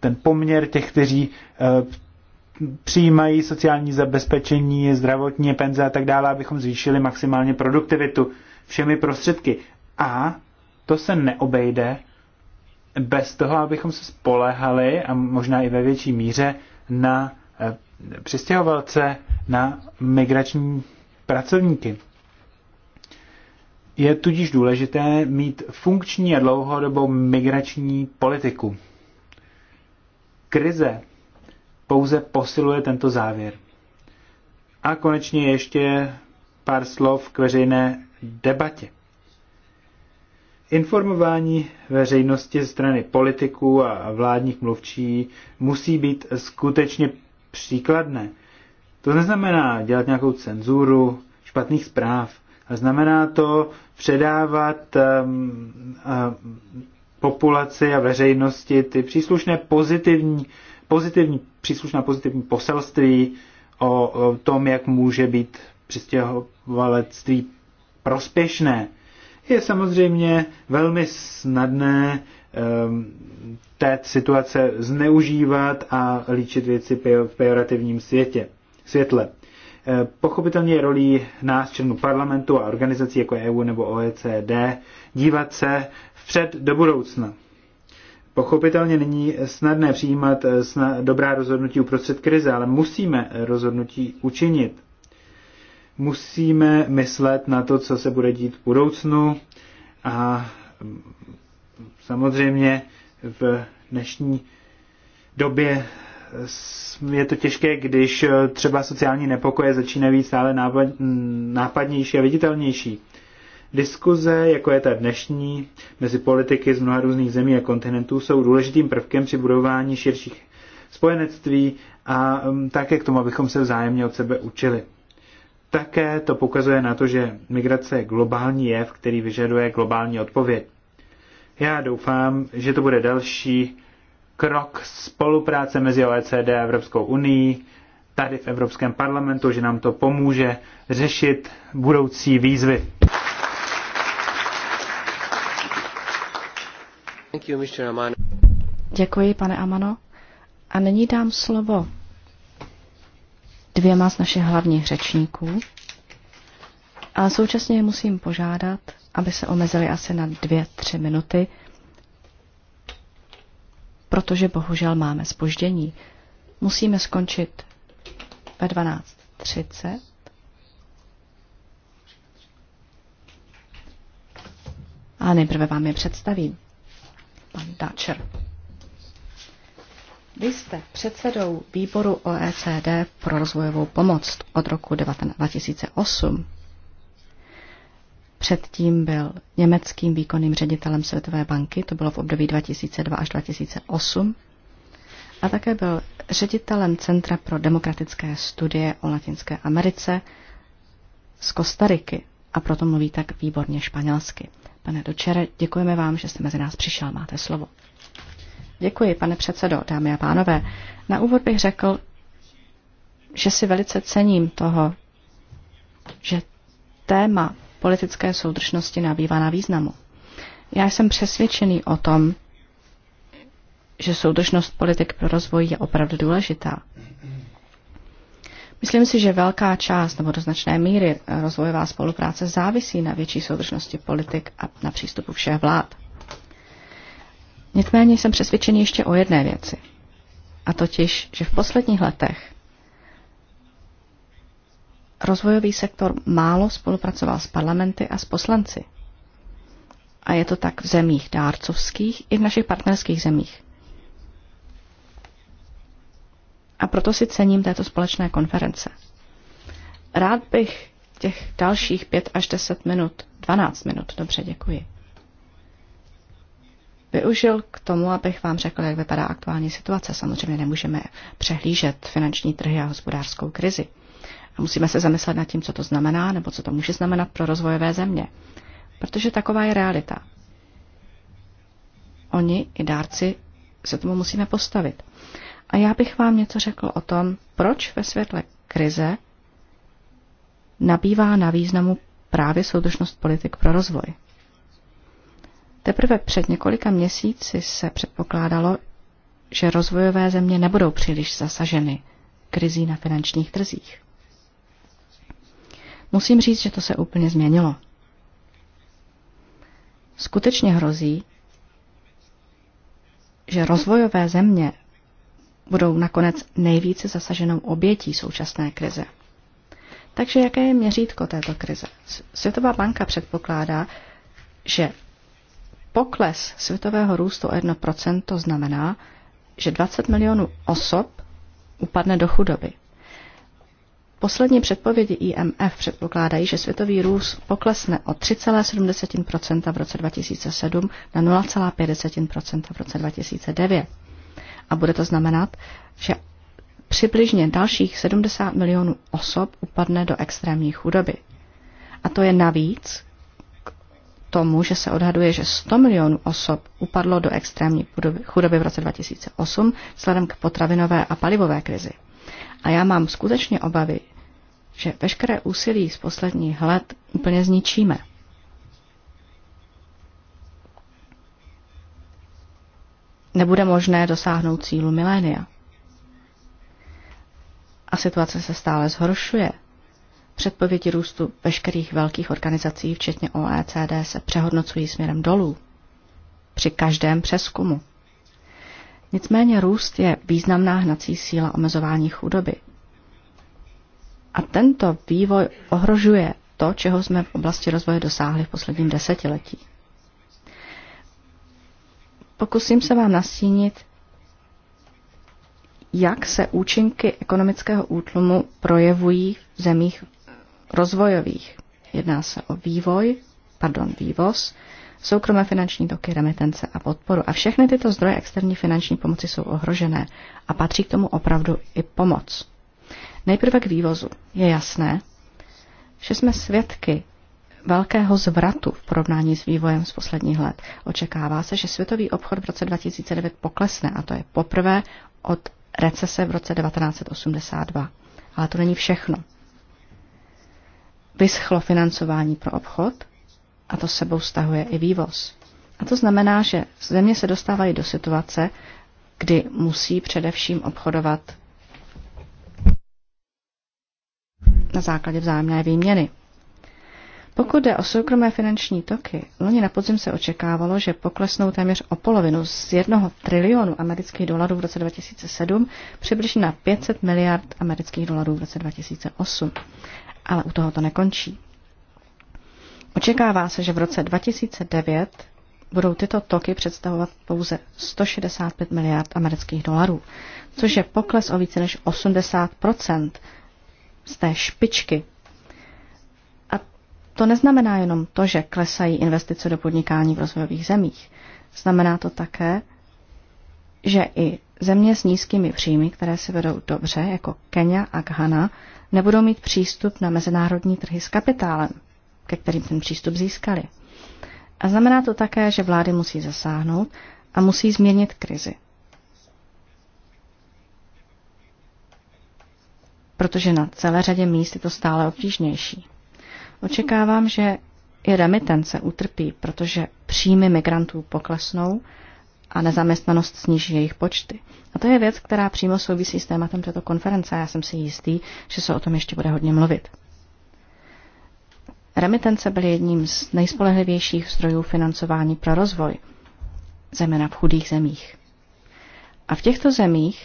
ten poměr těch, kteří přijímají sociální zabezpečení, zdravotní penze a tak dále, abychom zvýšili maximálně produktivitu všemi prostředky. A to se neobejde bez toho, abychom se spolehali a možná i ve větší míře na přistěhovalce, na migrační pracovníky. Je tudíž důležité mít funkční a dlouhodobou migrační politiku. Krize pouze posiluje tento závěr. A konečně ještě pár slov k veřejné debatě. Informování veřejnosti ze strany politiků a vládních mluvčí musí být skutečně příkladné. To neznamená dělat nějakou cenzuru špatných zpráv, ale znamená to předávat um, um, populaci a veřejnosti ty příslušné pozitivní, pozitivní příslušná pozitivní poselství o, o tom, jak může být přistěhovalectví prospěšné. Je samozřejmě velmi snadné um, té situace zneužívat a líčit věci v pejorativním světě světle. Eh, pochopitelně je rolí nás, členů parlamentu a organizací jako EU nebo OECD, dívat se vpřed do budoucna. Pochopitelně není snadné přijímat eh, dobrá rozhodnutí uprostřed krize, ale musíme rozhodnutí učinit. Musíme myslet na to, co se bude dít v budoucnu a mm, samozřejmě v dnešní době Eh, je to těžké, když eh, třeba sociální nepokoje začínají být stále mm, nápadnější a viditelnější. Diskuze, jako je ta dnešní, mezi politiky z mnoha různých zemí a kontinentů, jsou důležitým prvkem při budování širších spojenectví a mm, také k tomu, abychom se vzájemně od sebe učili. Také to pokazuje na to, že migrace je globální jev, který vyžaduje globální odpověď. Já doufám, že to bude další krok spolupráce mezi OECD a Evropskou unii tady v Evropském parlamentu, že nám to pomůže řešit budoucí výzvy. Děkuji, pane Amano. A nyní dám slovo dvěma z našich hlavních řečníků. A současně je musím požádat, aby se omezili asi na dvě, tři minuty, protože bohužel máme spoždění. Musíme skončit ve 12.30. A nejprve vám je představím. Pan Dačer. Vy jste předsedou výboru OECD pro rozvojovou pomoc od roku 2008 Předtím byl německým výkonným ředitelem Světové banky, to bylo v období 2002 až 2008, a také byl ředitelem Centra pro demokratické studie o Latinské Americe z Kostariky a proto mluví tak výborně španělsky. Pane Dočere, děkujeme vám, že jste mezi nás přišel, máte slovo. Děkuji, pane předsedo, dámy a pánové. Na úvod bych řekl, že si velice cením toho, že téma politické soudržnosti nabývá na významu. Já jsem přesvědčený o tom, že soudržnost politik pro rozvoj je opravdu důležitá. Myslím si, že velká část nebo do značné míry rozvojová spolupráce závisí na větší soudržnosti politik a na přístupu všech vlád. Nicméně jsem přesvědčený ještě o jedné věci. A totiž, že v posledních letech rozvojový sektor málo spolupracoval s parlamenty a s poslanci. A je to tak v zemích dárcovských i v našich partnerských zemích. A proto si cením této společné konference. Rád bych těch dalších pět až deset minut, dvanáct minut, dobře, děkuji, využil k tomu, abych vám řekl, jak vypadá aktuální situace. Samozřejmě nemůžeme přehlížet finanční trhy a hospodářskou krizi. A musíme se zamyslet nad tím, co to znamená, nebo co to může znamenat pro rozvojové země. Protože taková je realita. Oni i dárci se tomu musíme postavit. A já bych vám něco řekl o tom, proč ve světle krize nabývá na významu právě soudržnost politik pro rozvoj. Teprve před několika měsíci se předpokládalo, že rozvojové země nebudou příliš zasaženy krizí na finančních trzích. Musím říct, že to se úplně změnilo. Skutečně hrozí, že rozvojové země budou nakonec nejvíce zasaženou obětí současné krize. Takže jaké je měřítko této krize? Světová banka předpokládá, že pokles světového růstu o 1% to znamená, že 20 milionů osob upadne do chudoby. Poslední předpovědi IMF předpokládají, že světový růst poklesne o 3,7 v roce 2007 na 0,5 v roce 2009. A bude to znamenat, že přibližně dalších 70 milionů osob upadne do extrémní chudoby. A to je navíc k tomu, že se odhaduje, že 100 milionů osob upadlo do extrémní chudoby v roce 2008 vzhledem k potravinové a palivové krizi. A já mám skutečně obavy, že veškeré úsilí z posledních let úplně zničíme. Nebude možné dosáhnout cílu milénia. A situace se stále zhoršuje. Předpovědi růstu veškerých velkých organizací, včetně OECD, se přehodnocují směrem dolů. Při každém přeskumu. Nicméně růst je významná hnací síla omezování chudoby – a tento vývoj ohrožuje to, čeho jsme v oblasti rozvoje dosáhli v posledním desetiletí. Pokusím se vám nastínit, jak se účinky ekonomického útlumu projevují v zemích rozvojových. Jedná se o vývoj, pardon, vývoz, soukromé finanční toky, remitence a podporu. A všechny tyto zdroje externí finanční pomoci jsou ohrožené a patří k tomu opravdu i pomoc. Nejprve k vývozu. Je jasné, že jsme svědky velkého zvratu v porovnání s vývojem z posledních let. Očekává se, že světový obchod v roce 2009 poklesne, a to je poprvé od recese v roce 1982. Ale to není všechno. Vyschlo financování pro obchod a to sebou stahuje i vývoz. A to znamená, že země se dostávají do situace, kdy musí především obchodovat na základě vzájemné výměny. Pokud jde o soukromé finanční toky, loni na podzim se očekávalo, že poklesnou téměř o polovinu z jednoho trilionu amerických dolarů v roce 2007 přibližně na 500 miliard amerických dolarů v roce 2008. Ale u toho to nekončí. Očekává se, že v roce 2009 budou tyto toky představovat pouze 165 miliard amerických dolarů, což je pokles o více než 80 z té špičky. A to neznamená jenom to, že klesají investice do podnikání v rozvojových zemích. Znamená to také, že i země s nízkými příjmy, které si vedou dobře, jako Kenya a Ghana, nebudou mít přístup na mezinárodní trhy s kapitálem, ke kterým ten přístup získali. A znamená to také, že vlády musí zasáhnout a musí změnit krizi. protože na celé řadě míst je to stále obtížnější. Očekávám, že i remitence utrpí, protože příjmy migrantů poklesnou a nezaměstnanost sníží jejich počty. A to je věc, která přímo souvisí s tématem této konference a já jsem si jistý, že se o tom ještě bude hodně mluvit. Remitence byly jedním z nejspolehlivějších zdrojů financování pro rozvoj, zejména v chudých zemích. A v těchto zemích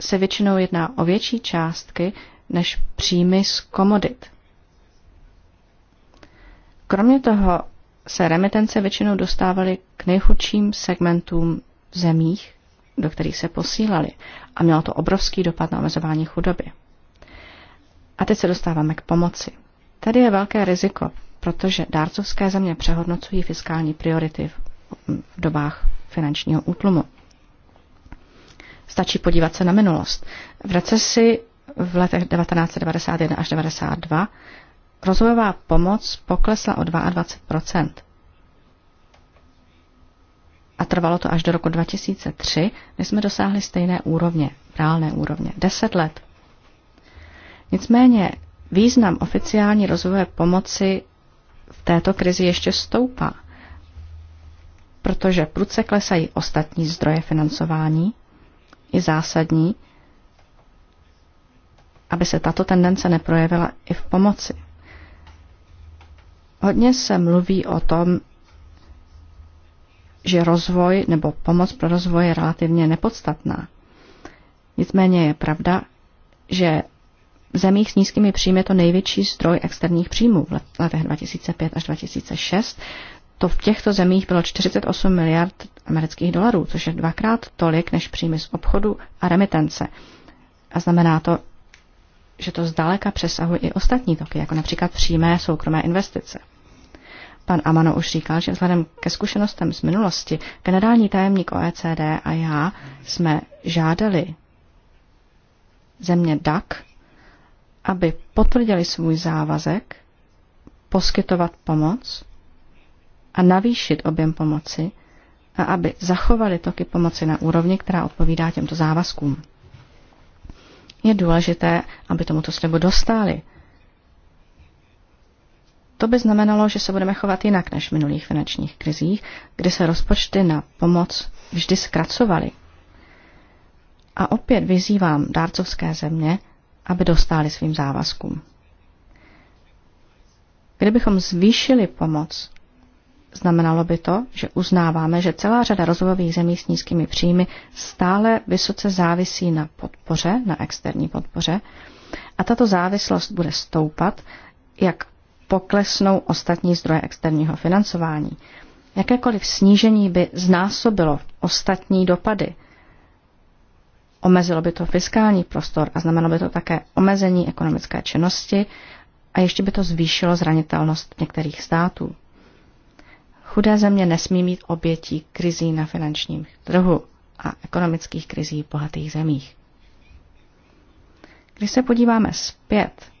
se většinou jedná o větší částky než příjmy z komodit. Kromě toho se remitence většinou dostávaly k nejchudším segmentům v zemích, do kterých se posílali a mělo to obrovský dopad na omezování chudoby. A teď se dostáváme k pomoci. Tady je velké riziko, protože dárcovské země přehodnocují fiskální priority v dobách finančního útlumu. Stačí podívat se na minulost. V recesi v letech 1991 až 1992 rozvojová pomoc poklesla o 22 A trvalo to až do roku 2003, kdy jsme dosáhli stejné úrovně, reálné úrovně, 10 let. Nicméně význam oficiální rozvojové pomoci v této krizi ještě stoupá, protože prudce klesají ostatní zdroje financování i zásadní, aby se tato tendence neprojevila i v pomoci. Hodně se mluví o tom, že rozvoj nebo pomoc pro rozvoj je relativně nepodstatná. Nicméně je pravda, že v zemích s nízkými příjmy je to největší zdroj externích příjmů v letech 2005 až 2006 to v těchto zemích bylo 48 miliard amerických dolarů, což je dvakrát tolik než příjmy z obchodu a remitence. A znamená to, že to zdaleka přesahuje i ostatní toky, jako například přímé soukromé investice. Pan Amano už říkal, že vzhledem ke zkušenostem z minulosti generální tajemník OECD a já jsme žádali země DAC, aby potvrdili svůj závazek poskytovat pomoc a navýšit objem pomoci a aby zachovali toky pomoci na úrovni, která odpovídá těmto závazkům. Je důležité, aby tomuto slibu dostali. To by znamenalo, že se budeme chovat jinak než v minulých finančních krizích, kdy se rozpočty na pomoc vždy zkracovaly. A opět vyzývám dárcovské země, aby dostály svým závazkům. Kdybychom zvýšili pomoc Znamenalo by to, že uznáváme, že celá řada rozvojových zemí s nízkými příjmy stále vysoce závisí na podpoře, na externí podpoře, a tato závislost bude stoupat, jak poklesnou ostatní zdroje externího financování. Jakékoliv snížení by znásobilo ostatní dopady. Omezilo by to fiskální prostor a znamenalo by to také omezení ekonomické činnosti a ještě by to zvýšilo zranitelnost některých států. Chudé země nesmí mít obětí krizí na finančním trhu a ekonomických krizí v bohatých zemích. Když se podíváme zpět,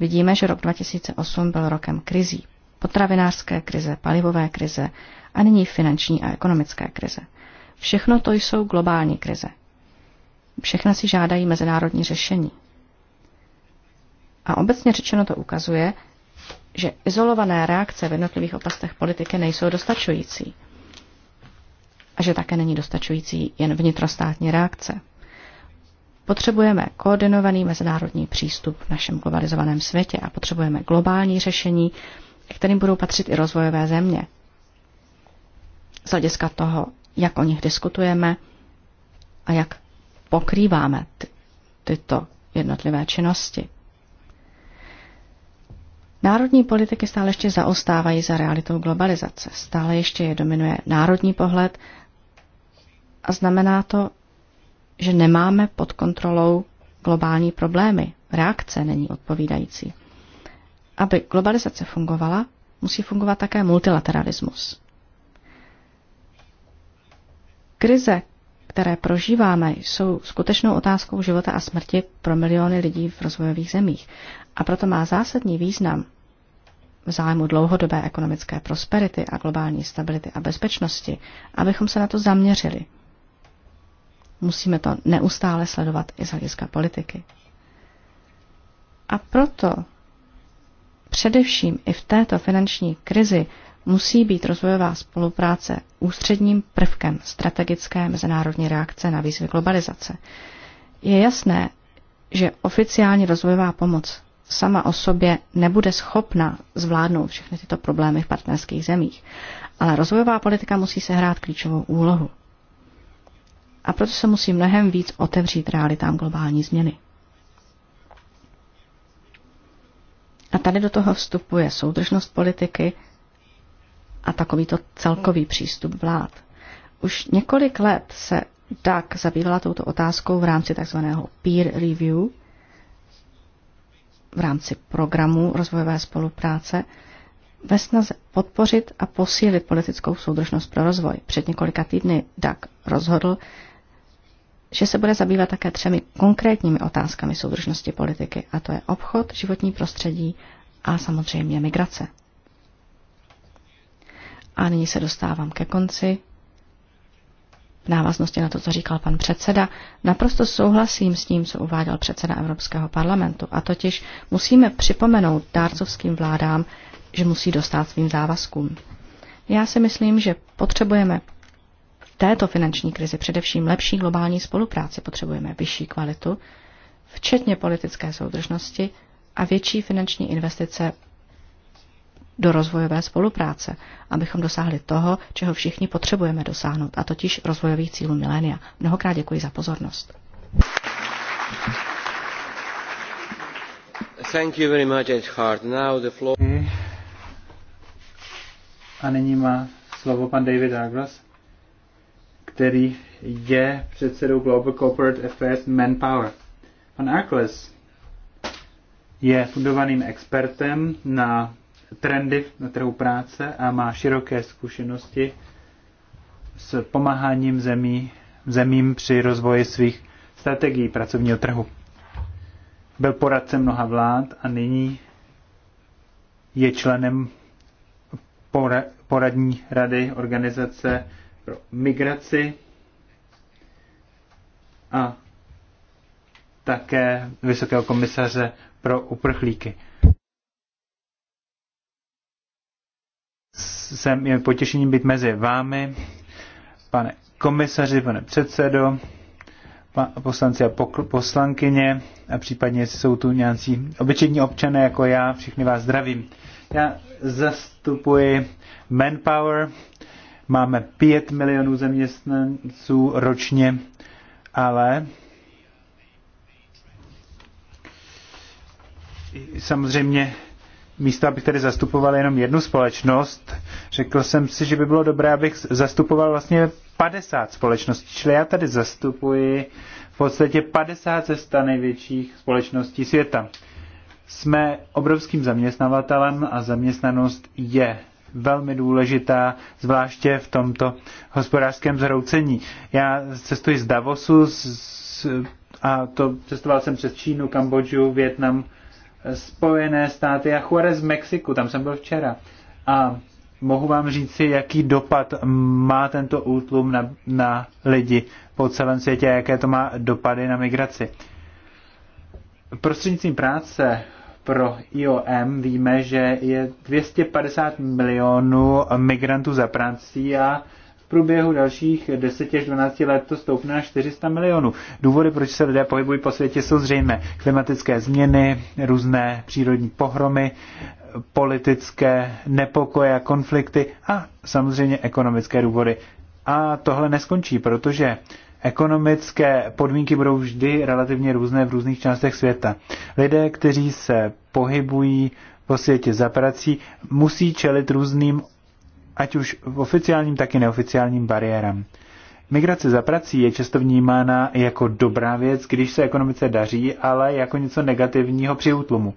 vidíme, že rok 2008 byl rokem krizí. Potravinářské krize, palivové krize a nyní finanční a ekonomické krize. Všechno to jsou globální krize. Všechna si žádají mezinárodní řešení. A obecně řečeno to ukazuje, že izolované reakce v jednotlivých oblastech politiky nejsou dostačující a že také není dostačující jen vnitrostátní reakce. Potřebujeme koordinovaný mezinárodní přístup v našem globalizovaném světě a potřebujeme globální řešení, kterým budou patřit i rozvojové země. Z hlediska toho, jak o nich diskutujeme a jak pokrýváme ty, tyto jednotlivé činnosti. Národní politiky stále ještě zaostávají za realitou globalizace. Stále ještě je dominuje národní pohled a znamená to, že nemáme pod kontrolou globální problémy. Reakce není odpovídající. Aby globalizace fungovala, musí fungovat také multilateralismus. Krize, které prožíváme, jsou skutečnou otázkou života a smrti pro miliony lidí v rozvojových zemích. A proto má zásadní význam v zájmu dlouhodobé ekonomické prosperity a globální stability a bezpečnosti, abychom se na to zaměřili. Musíme to neustále sledovat i z hlediska politiky. A proto především i v této finanční krizi musí být rozvojová spolupráce ústředním prvkem strategické mezinárodní reakce na výzvy globalizace. Je jasné, že oficiální rozvojová pomoc sama o sobě nebude schopna zvládnout všechny tyto problémy v partnerských zemích, ale rozvojová politika musí sehrát klíčovou úlohu. A proto se musí mnohem víc otevřít realitám globální změny. A tady do toho vstupuje soudržnost politiky, a takovýto celkový přístup vlád. Už několik let se DAC zabývala touto otázkou v rámci tzv. peer review, v rámci programu rozvojové spolupráce, ve snaze podpořit a posílit politickou soudržnost pro rozvoj. Před několika týdny DAC rozhodl, že se bude zabývat také třemi konkrétními otázkami soudržnosti politiky, a to je obchod, životní prostředí a samozřejmě migrace. A nyní se dostávám ke konci. V návaznosti na to, co říkal pan předseda, naprosto souhlasím s tím, co uváděl předseda Evropského parlamentu, a totiž musíme připomenout dárcovským vládám, že musí dostat svým závazkům. Já si myslím, že potřebujeme v této finanční krizi především lepší globální spolupráci, potřebujeme vyšší kvalitu, včetně politické soudržnosti a větší finanční investice do rozvojové spolupráce, abychom dosáhli toho, čeho všichni potřebujeme dosáhnout, a totiž rozvojových cílů milénia. Mnohokrát děkuji za pozornost. Thank you very much, Edhard. Now the floor... A nyní má slovo pan David Douglas, který je předsedou Global Corporate Affairs Manpower. Pan Akles je fundovaným expertem na trendy na trhu práce a má široké zkušenosti s pomáháním zemí, zemím při rozvoji svých strategií pracovního trhu. Byl poradcem mnoha vlád a nyní je členem poradní rady organizace pro migraci a také Vysokého komisaře pro uprchlíky. jsem, je potěšením být mezi vámi, pane komisaři, pane předsedo, poslanci a poslankyně a případně, jestli jsou tu nějací obyčejní občané jako já, všichni vás zdravím. Já zastupuji Manpower, máme 5 milionů zaměstnanců ročně, ale samozřejmě místo abych tady zastupoval jenom jednu společnost, řekl jsem si, že by bylo dobré, abych zastupoval vlastně 50 společností. Čili já tady zastupuji v podstatě 50 ze 100 největších společností světa. Jsme obrovským zaměstnavatelem a zaměstnanost je velmi důležitá, zvláště v tomto hospodářském zhroucení. Já cestuji z Davosu z, a to cestoval jsem přes Čínu, Kambodžu, Větnam, Spojené státy a Juarez v Mexiku, tam jsem byl včera. A mohu vám říci, jaký dopad má tento útlum na, na lidi po celém světě, jaké to má dopady na migraci. Prostřednictvím práce pro IOM víme, že je 250 milionů migrantů za prací a průběhu dalších 10 až 12 let to stoupne na 400 milionů. Důvody, proč se lidé pohybují po světě, jsou zřejmé. Klimatické změny, různé přírodní pohromy, politické nepokoje a konflikty a samozřejmě ekonomické důvody. A tohle neskončí, protože ekonomické podmínky budou vždy relativně různé v různých částech světa. Lidé, kteří se pohybují po světě za prací, musí čelit různým ať už v oficiálním, tak i neoficiálním bariéram. Migrace za prací je často vnímána jako dobrá věc, když se ekonomice daří, ale jako něco negativního při útlumu.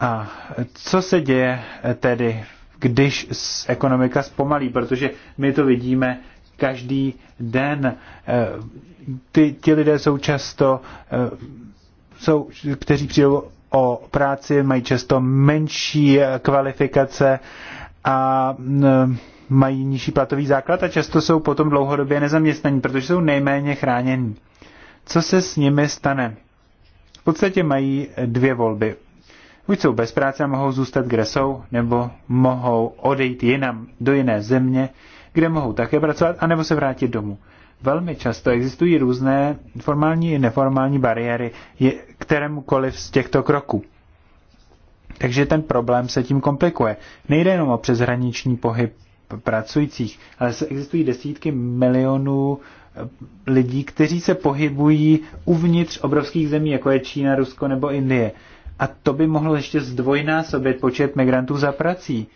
A co se děje tedy, když ekonomika zpomalí? Protože my to vidíme každý den. E, ty, ti lidé jsou často, e, jsou, kteří přijdou o práci, mají často menší kvalifikace, a mají nižší platový základ a často jsou potom dlouhodobě nezaměstnaní, protože jsou nejméně chráněni. Co se s nimi stane? V podstatě mají dvě volby. Buď jsou bez práce a mohou zůstat, kde jsou, nebo mohou odejít jinam, do jiné země, kde mohou také pracovat, anebo se vrátit domů. Velmi často existují různé formální i neformální bariéry kterémukoliv z těchto kroků. Takže ten problém se tím komplikuje. Nejde jenom o přeshraniční pohyb pracujících, ale existují desítky milionů eh, lidí, kteří se pohybují uvnitř obrovských zemí, jako je Čína, Rusko nebo Indie. A to by mohlo ještě zdvojnásobit počet migrantů za prací.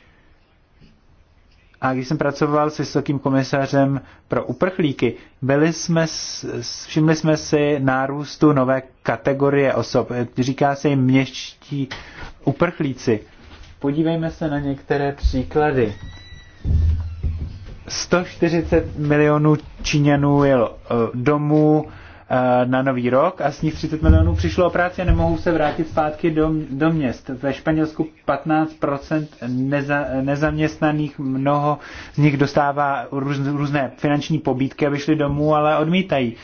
A když jsem pracoval s vysokým komisařem pro uprchlíky, byli jsme, všimli jsme si nárůstu nové kategorie osob. Říká se jim měští uprchlíci. Podívejme se na některé příklady. 140 milionů Číňanů jel eh, domů, Eh, na nový rok a z nich 30 milionů přišlo o práci a nemohou se vrátit zpátky do, do měst. Ve Španělsku 15% neza, nezaměstnaných, mnoho z nich dostává růz, různé finanční pobídky, aby šli domů, ale odmítají.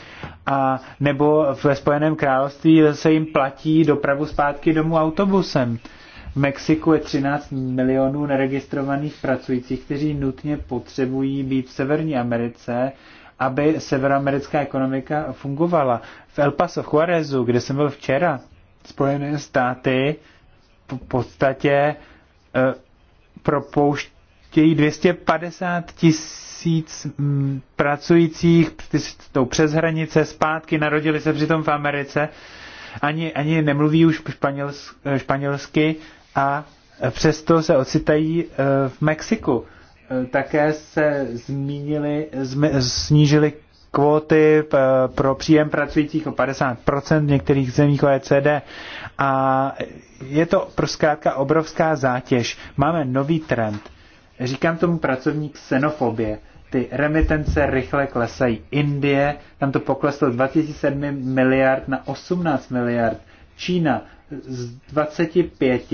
A nebo ve Spojeném království se jim platí dopravu zpátky domů autobusem. V Mexiku je 13 milionů neregistrovaných pracujících, kteří nutně potřebují být v Severní Americe, aby severoamerická ekonomika fungovala. V El Paso, v Juarezu, kde jsem byl včera, Spojené státy v podstatě e, propouštějí 250 tisíc mm, pracujících tou přes hranice zpátky, narodili se přitom v Americe, ani, ani nemluví už španělsky a přesto se ocitají eh, v Mexiku. Eh, také se zmínili, snížili kvóty eh, pro příjem pracujících o 50% v některých zemích OECD a je to zkrátka obrovská zátěž. Máme nový trend. Říkám tomu pracovník xenofobie. Ty remitence rychle klesají. Indie, tam to pokleslo z 27 miliard na 18 miliard. Čína z 25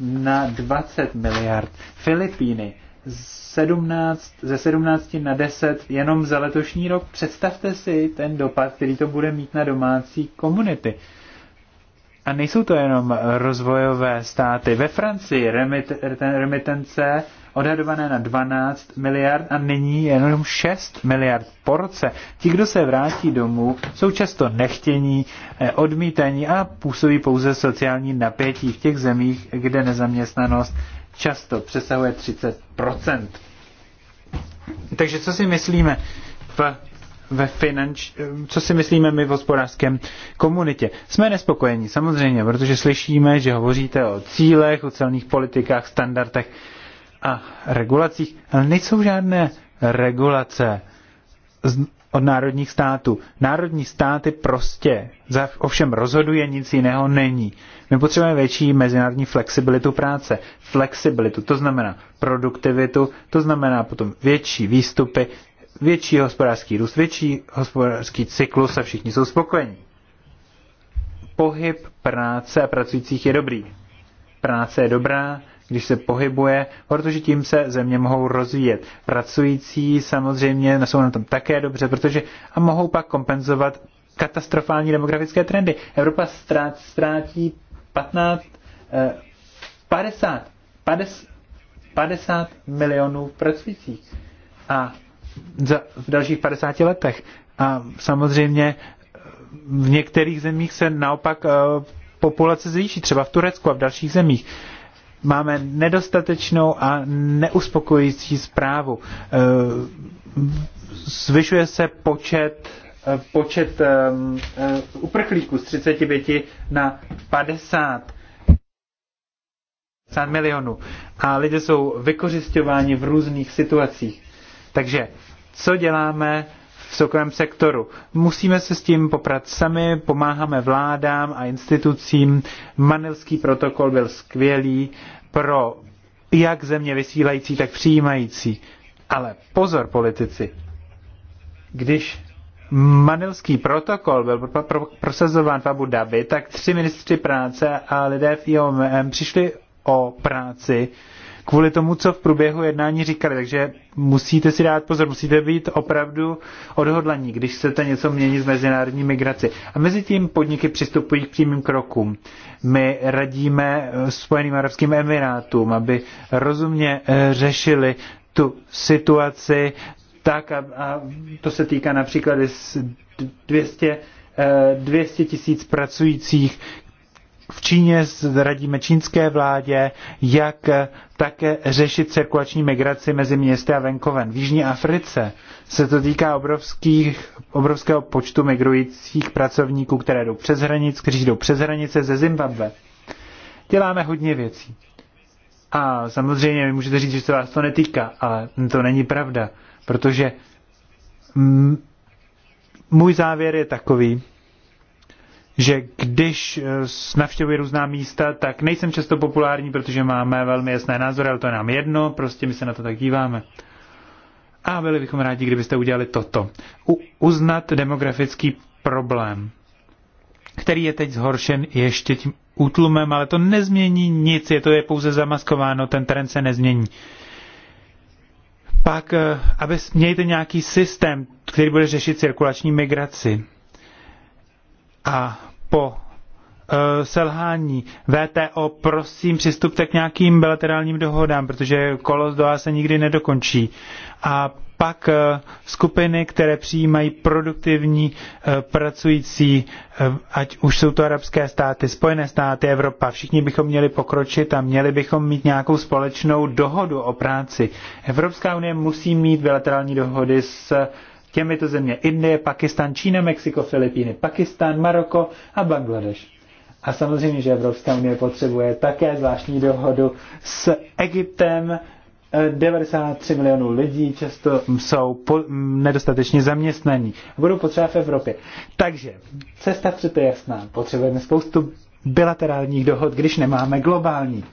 na 20 miliard. Filipíny 17, ze 17 na 10 jenom za letošní rok. Představte si ten dopad, který to bude mít na domácí komunity. A nejsou to jenom rozvojové státy. Ve Francii remit, remitence odhadované na 12 miliard a není jenom 6 miliard po roce. Ti, kdo se vrátí domů, jsou často nechtění, eh, odmítaní a působí pouze sociální napětí v těch zemích, kde nezaměstnanost často přesahuje 30 Takže co si myslíme v, ve finanč, co si myslíme my v hospodářském komunitě? Jsme nespokojení, samozřejmě, protože slyšíme, že hovoříte o cílech, o celných politikách, standardech a regulacích, ale nejsou žádné regulace od národních států. Národní státy prostě za, ovšem rozhoduje, nic jiného není. My potřebujeme větší mezinárodní flexibilitu práce. Flexibilitu, to znamená produktivitu, to znamená potom větší výstupy, větší hospodářský růst, větší hospodářský cyklus a všichni jsou spokojení. Pohyb práce a pracujících je dobrý. Práce je dobrá, když se pohybuje, protože tím se země mohou rozvíjet. Pracující samozřejmě jsou na tom také dobře, protože a mohou pak kompenzovat katastrofální demografické trendy. Evropa ztrát, ztrátí 15, eh, 50, 50, 50 milionů pracujících a za, v dalších 50 letech. A samozřejmě eh, v některých zemích se naopak eh, populace zvýší, třeba v Turecku a v dalších zemích. Eh, máme nedostatečnou a neuspokojící zprávu. Eh, zvyšuje se počet eh, počet ehm, eh, uprchlíků z 35 na 50 50 milionů. A lidé jsou vykořišťováni v různých situacích. Takže co děláme v soukromém sektoru. Musíme se s tím poprat sami, pomáháme vládám a institucím. Manilský protokol byl skvělý pro jak země vysílající, tak přijímající. Ale pozor politici, když Manilský protokol byl pro, pro, prosazován v Abu Dhabi, tak tři ministři práce a lidé v IOM přišli o práci kvůli tomu, co v průběhu jednání říkali. Takže musíte si dát pozor, musíte být opravdu odhodlaní, když chcete něco měnit v mezinárodní migraci. A mezi tím podniky přistupují k přímým krokům. My radíme Spojeným arabským emirátům, aby rozumně eh, řešili tu situaci tak, a, a to se týká například 200 200 eh, tisíc pracujících, v Číně radíme čínské vládě, jak také řešit cirkulační migraci mezi městy a venkoven. V Jižní Africe se to týká obrovských, obrovského počtu migrujících pracovníků, které jdou přes hranic, kteří jdou přes hranice ze Zimbabwe. Děláme hodně věcí. A samozřejmě vy můžete říct, že se vás to netýká, ale to není pravda, protože můj závěr je takový, že když eh, navštěvuji různá místa, tak nejsem často populární, protože máme velmi jasné názory, ale to je nám jedno, prostě my se na to tak díváme. A byli bychom rádi, kdybyste udělali toto. U, uznat demografický problém, který je teď zhoršen ještě tím útlumem, ale to nezmění nic, je to je pouze zamaskováno, ten trend se nezmění pak, eh, aby mějte nějaký systém, který bude řešit cirkulační migraci. A po eh, selhání VTO, prosím, přistupte k nějakým bilaterálním dohodám, protože kolo z se nikdy nedokončí. A pak eh, skupiny, které přijímají produktivní eh, pracující, ať už jsou to arabské státy, Spojené státy, Evropa, všichni bychom měli pokročit a měli bychom mít nějakou společnou dohodu o práci. Evropská unie musí mít bilaterální dohody s Těmito země Indie, Pakistan, Čína, Mexiko, Filipíny, Pakistan, Maroko a Bangladeš. A samozřejmě, že Evropská unie potřebuje také zvláštní dohodu s Egyptem. 93 eh, milionů lidí často jsou po, mm, nedostatečně zaměstnaní. Budou potřeba v Evropě. Takže cesta před je jasná. Potřebujeme spoustu bilaterálních dohod, když nemáme globální.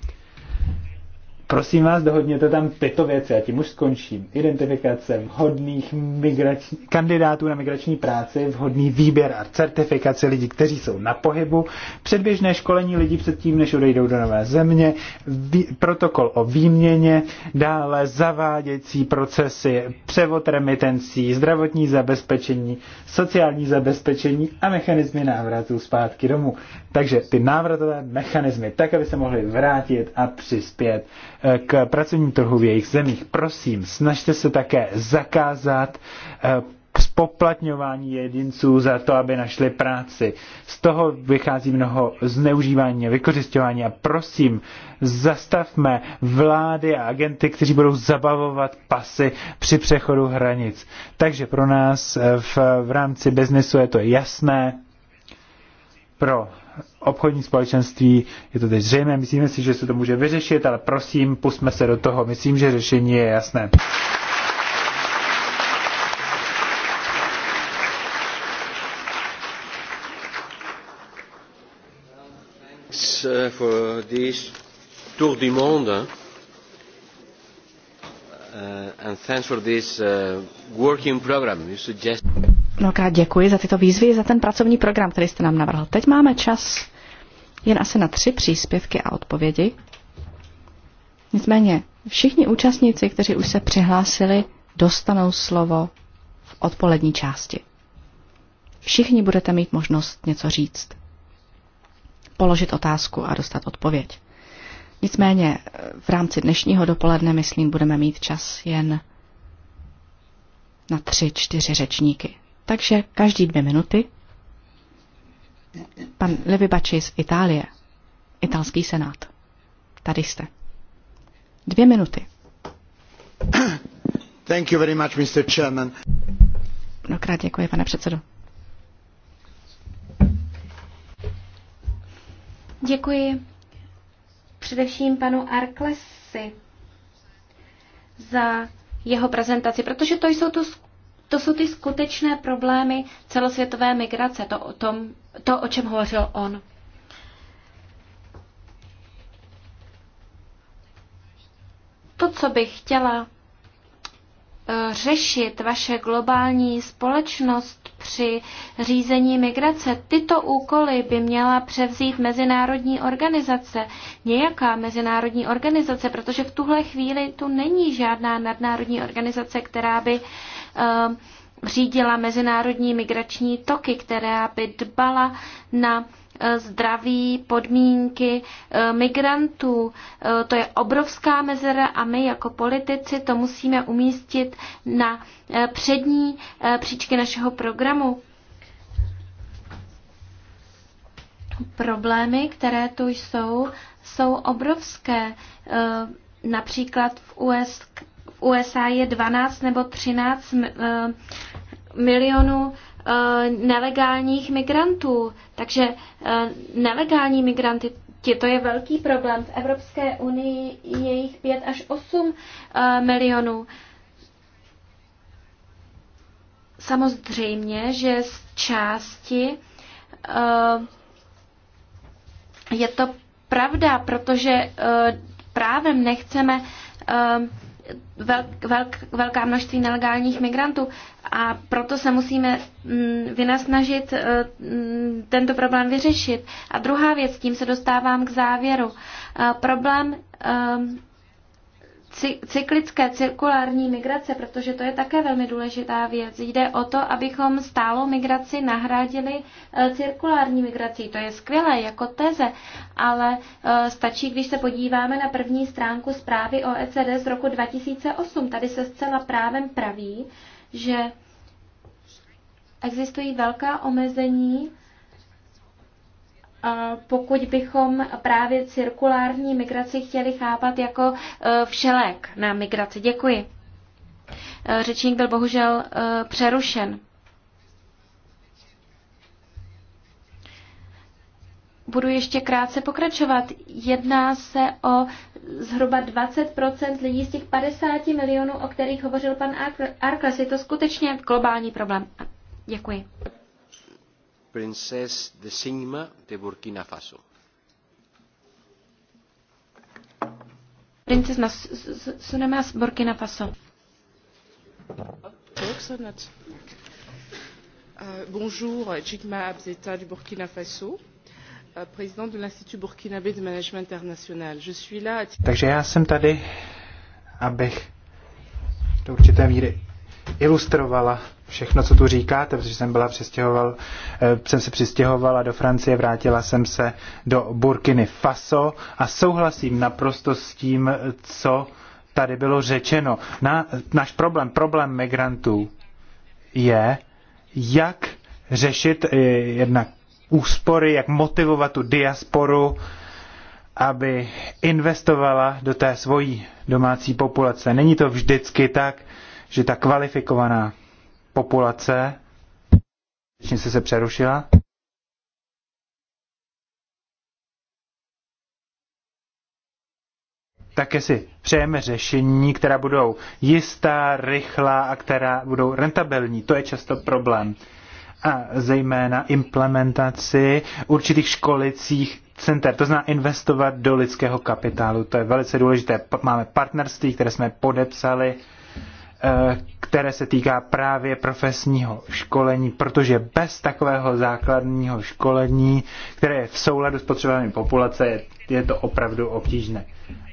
Prosím vás, dohodněte tam tyto věci, a tím už skončím. Identifikace vhodných migrač... kandidátů na migrační práci, vhodný výběr a certifikace lidí, kteří jsou na pohybu, předběžné školení lidí před tím, než odejdou do nové země, vý, protokol o výměně, dále zaváděcí procesy, převod remitencí, zdravotní zabezpečení, sociální zabezpečení a mechanizmy návratu zpátky domů. Takže ty návratové mechanizmy, tak, aby se mohli vrátit a přispět k pracovním trhu v jejich zemích. Prosím, snažte se také zakázat eh, spoplatňování jedinců za to, aby našli práci. Z toho vychází mnoho zneužívání a vykořišťování a prosím, zastavme vlády a agenty, kteří budou zabavovat pasy při přechodu hranic. Takže pro nás eh, v, v rámci biznesu je to jasné, pro obchodní společenství, je to teď zřejmé, myslíme si, že se to může vyřešit, ale prosím, pusme se do toho, myslím, že řešení je jasné. for this tour du monde eh? uh, and thanks for this uh, working program you suggested. Mnohokrát děkuji za tyto výzvy, za ten pracovní program, který jste nám navrhl. Teď máme čas jen asi na tři příspěvky a odpovědi. Nicméně všichni účastníci, kteří už se přihlásili, dostanou slovo v odpolední části. Všichni budete mít možnost něco říct, položit otázku a dostat odpověď. Nicméně v rámci dnešního dopoledne, myslím, budeme mít čas jen na tři, čtyři řečníky. Takže každý dvě minuty pan Levi Bači z Itálie, italský senát. Tady jste. Dvě minuty. Thank you very much, Mr. Chairman. Mnohokrát děkuji, pane předsedo. Děkuji především panu Arklesi za jeho prezentaci, protože to jsou tu to jsou ty skutečné problémy celosvětové migrace, to, o tom, to, o čem hovořil on. To, co bych chtěla eh, řešit vaše globální společnost, při řízení migrace. Tyto úkoly by měla převzít mezinárodní organizace, nějaká mezinárodní organizace, protože v tuhle chvíli tu není žádná nadnárodní organizace, která by uh, řídila mezinárodní migrační toky, která by dbala na Eh, zdraví, podmínky eh, migrantů. Eh, to je obrovská mezera a my jako politici to musíme umístit na přední příčky našeho programu. Problémy, které tu jsou, jsou obrovské. Například v USA je 12 nebo 13 milionů eh, nelegálních migrantů. Takže eh, nelegální migranty, to je velký problém. V Evropské unii je jich 5 až 8 eh, milionů. Samozřejmě, že z části je to pravda, protože právem nechceme velk, velk, velká množství nelegálních migrantů a proto se musíme mm, vynasnažit eh, mm, tento problém vyřešit. A druhá věc, tím se dostávám k závěru. Eh, problém eh, cyklické cirkulární migrace, protože to je také velmi důležitá věc. Jde o to, abychom stálou migraci nahradili eh, cirkulární migrací. To je skvělé jako teze, ale eh, stačí, když se podíváme na první stránku zprávy OECD z roku 2008. Tady se zcela právem praví, že existují velká omezení pokud bychom právě cirkulární migraci chtěli chápat jako e, všelek na migraci. Děkuji. E, řečník byl bohužel e, přerušen. budu ještě krátce pokračovat. Jedná se o zhruba 20 lidí z těch 50 milionů, o kterých hovořil pan Arkles. Je to skutečně globální problém. Děkuji. Princesse de Sigma de Burkina Faso. Burkina Faso. Euh, bonjour, Jigma Abzeta du Burkina Faso euh, présidente de l'Institut burkinabé de management international. Je suis là. Takže já jsem tady, abych do určité míry ilustrovala všechno, co tu říkáte, protože jsem, byla přistěhoval, eh, jsem se přistěhovala do Francie, vrátila jsem se do Burkiny Faso a souhlasím naprosto s tím, co tady bylo řečeno. Na, náš problém, problém migrantů je, jak řešit eh, jednak úspory, jak motivovat tu diasporu, aby investovala do té svojí domácí populace. Není to vždycky tak, že ta kvalifikovaná populace. Řečnice se přerušila. Také si přejeme řešení, která budou jistá, rychlá a která budou rentabilní. To je často problém. A zejména implementaci určitých školicích center. To znamená investovat do lidského kapitálu. To je velice důležité. Máme partnerství, které jsme podepsali Eh, které se týká právě profesního školení, protože bez takového základního školení, které je v souladu s potřebami populace, je, to opravdu obtížné.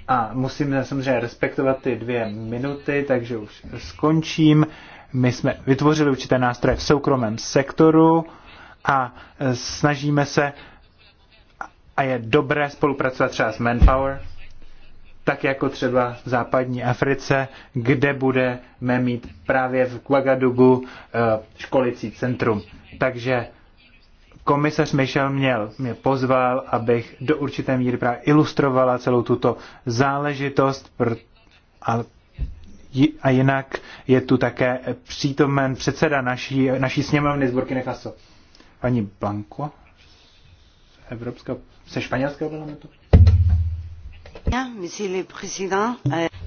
A musím samozřejmě respektovat ty dvě minuty, takže už skončím. My jsme vytvořili určité nástroje v soukromém sektoru a eh, snažíme se a je dobré spolupracovat třeba s Manpower, tak jako třeba v západní Africe, kde budeme mít právě v Ouagadougou eh, školicí centrum. Takže komisař Michel měl, mě pozval, abych do určité míry právě ilustrovala celou tuto záležitost a, a jinak je tu také přítomen předseda naší, naší sněmovny z Burkina Faso. Paní Blanco z Evropského, španělského parlamentu.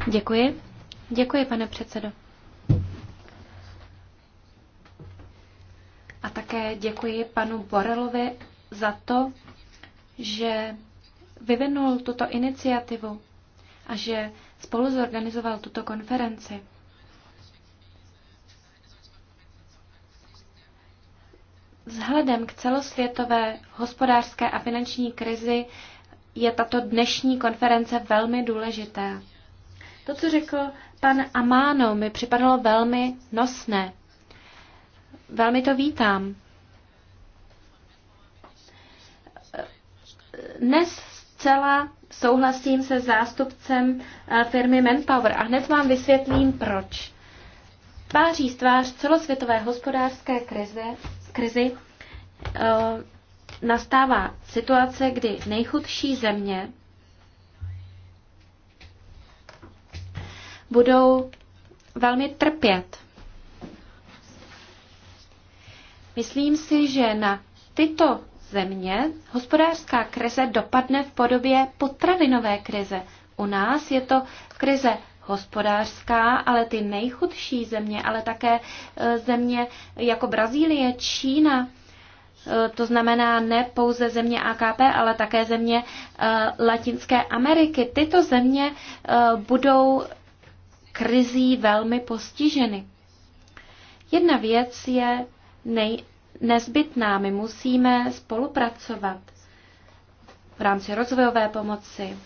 Děkuji. Děkuji, pane předsedo. A také děkuji panu Borelovi za to, že vyvinul tuto iniciativu a že spolu zorganizoval tuto konferenci. Vzhledem k celosvětové hospodářské a finanční krizi je tato dnešní konference velmi důležitá. To, co řekl pan Amáno, mi připadalo velmi nosné. Velmi to vítám. Dnes zcela souhlasím se zástupcem eh, firmy Manpower a hned vám vysvětlím, proč. Tváří tvář celosvětové hospodářské krize, krizi eh, nastává situace, kdy nejchudší země budou velmi trpět. Myslím si, že na tyto země hospodářská krize dopadne v podobě potravinové krize. U nás je to krize hospodářská, ale ty nejchudší země, ale také e, země jako Brazílie, Čína, Eh, to znamená ne pouze země AKP, ale také země eh, Latinské Ameriky. Tyto země eh, budou krizí velmi postiženy. Jedna věc je nej, nezbytná. My musíme spolupracovat v rámci rozvojové pomoci,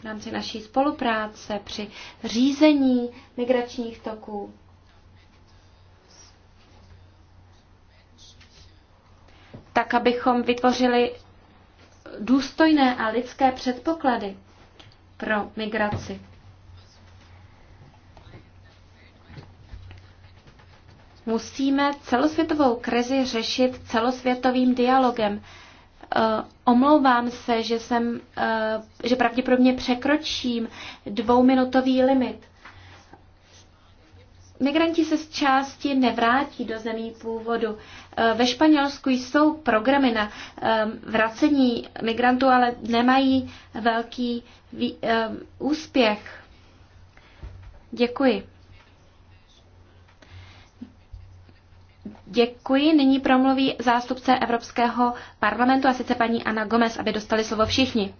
v rámci naší spolupráce při řízení migračních toků. tak abychom vytvořili důstojné a lidské předpoklady pro migraci. Musíme celosvětovou krizi řešit celosvětovým dialogem. Eh, omlouvám se, že, jsem, eh, že pravděpodobně překročím dvouminutový limit. Migranti se z části nevrátí do zemí původu. E, ve Španělsku jsou programy na e, vracení migrantů, ale nemají velký e, úspěch. Děkuji. Děkuji. Nyní promluví zástupce Evropského parlamentu, a sice paní Ana Gomez, aby dostali slovo všichni.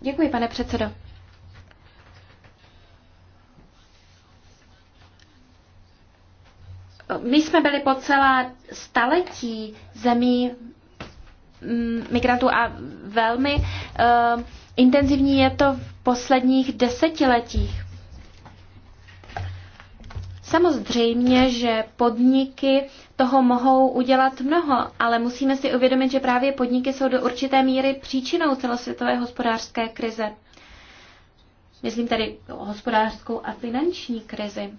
Děkuji, pane předsedo. My jsme byli po celá staletí zemí mm, migrantů a velmi uh, intenzivní je to v posledních desetiletích. Samozřejmě, že podniky toho mohou udělat mnoho, ale musíme si uvědomit, že právě podniky jsou do určité míry příčinou celosvětové hospodářské krize. Myslím tady o hospodářskou a finanční krizi.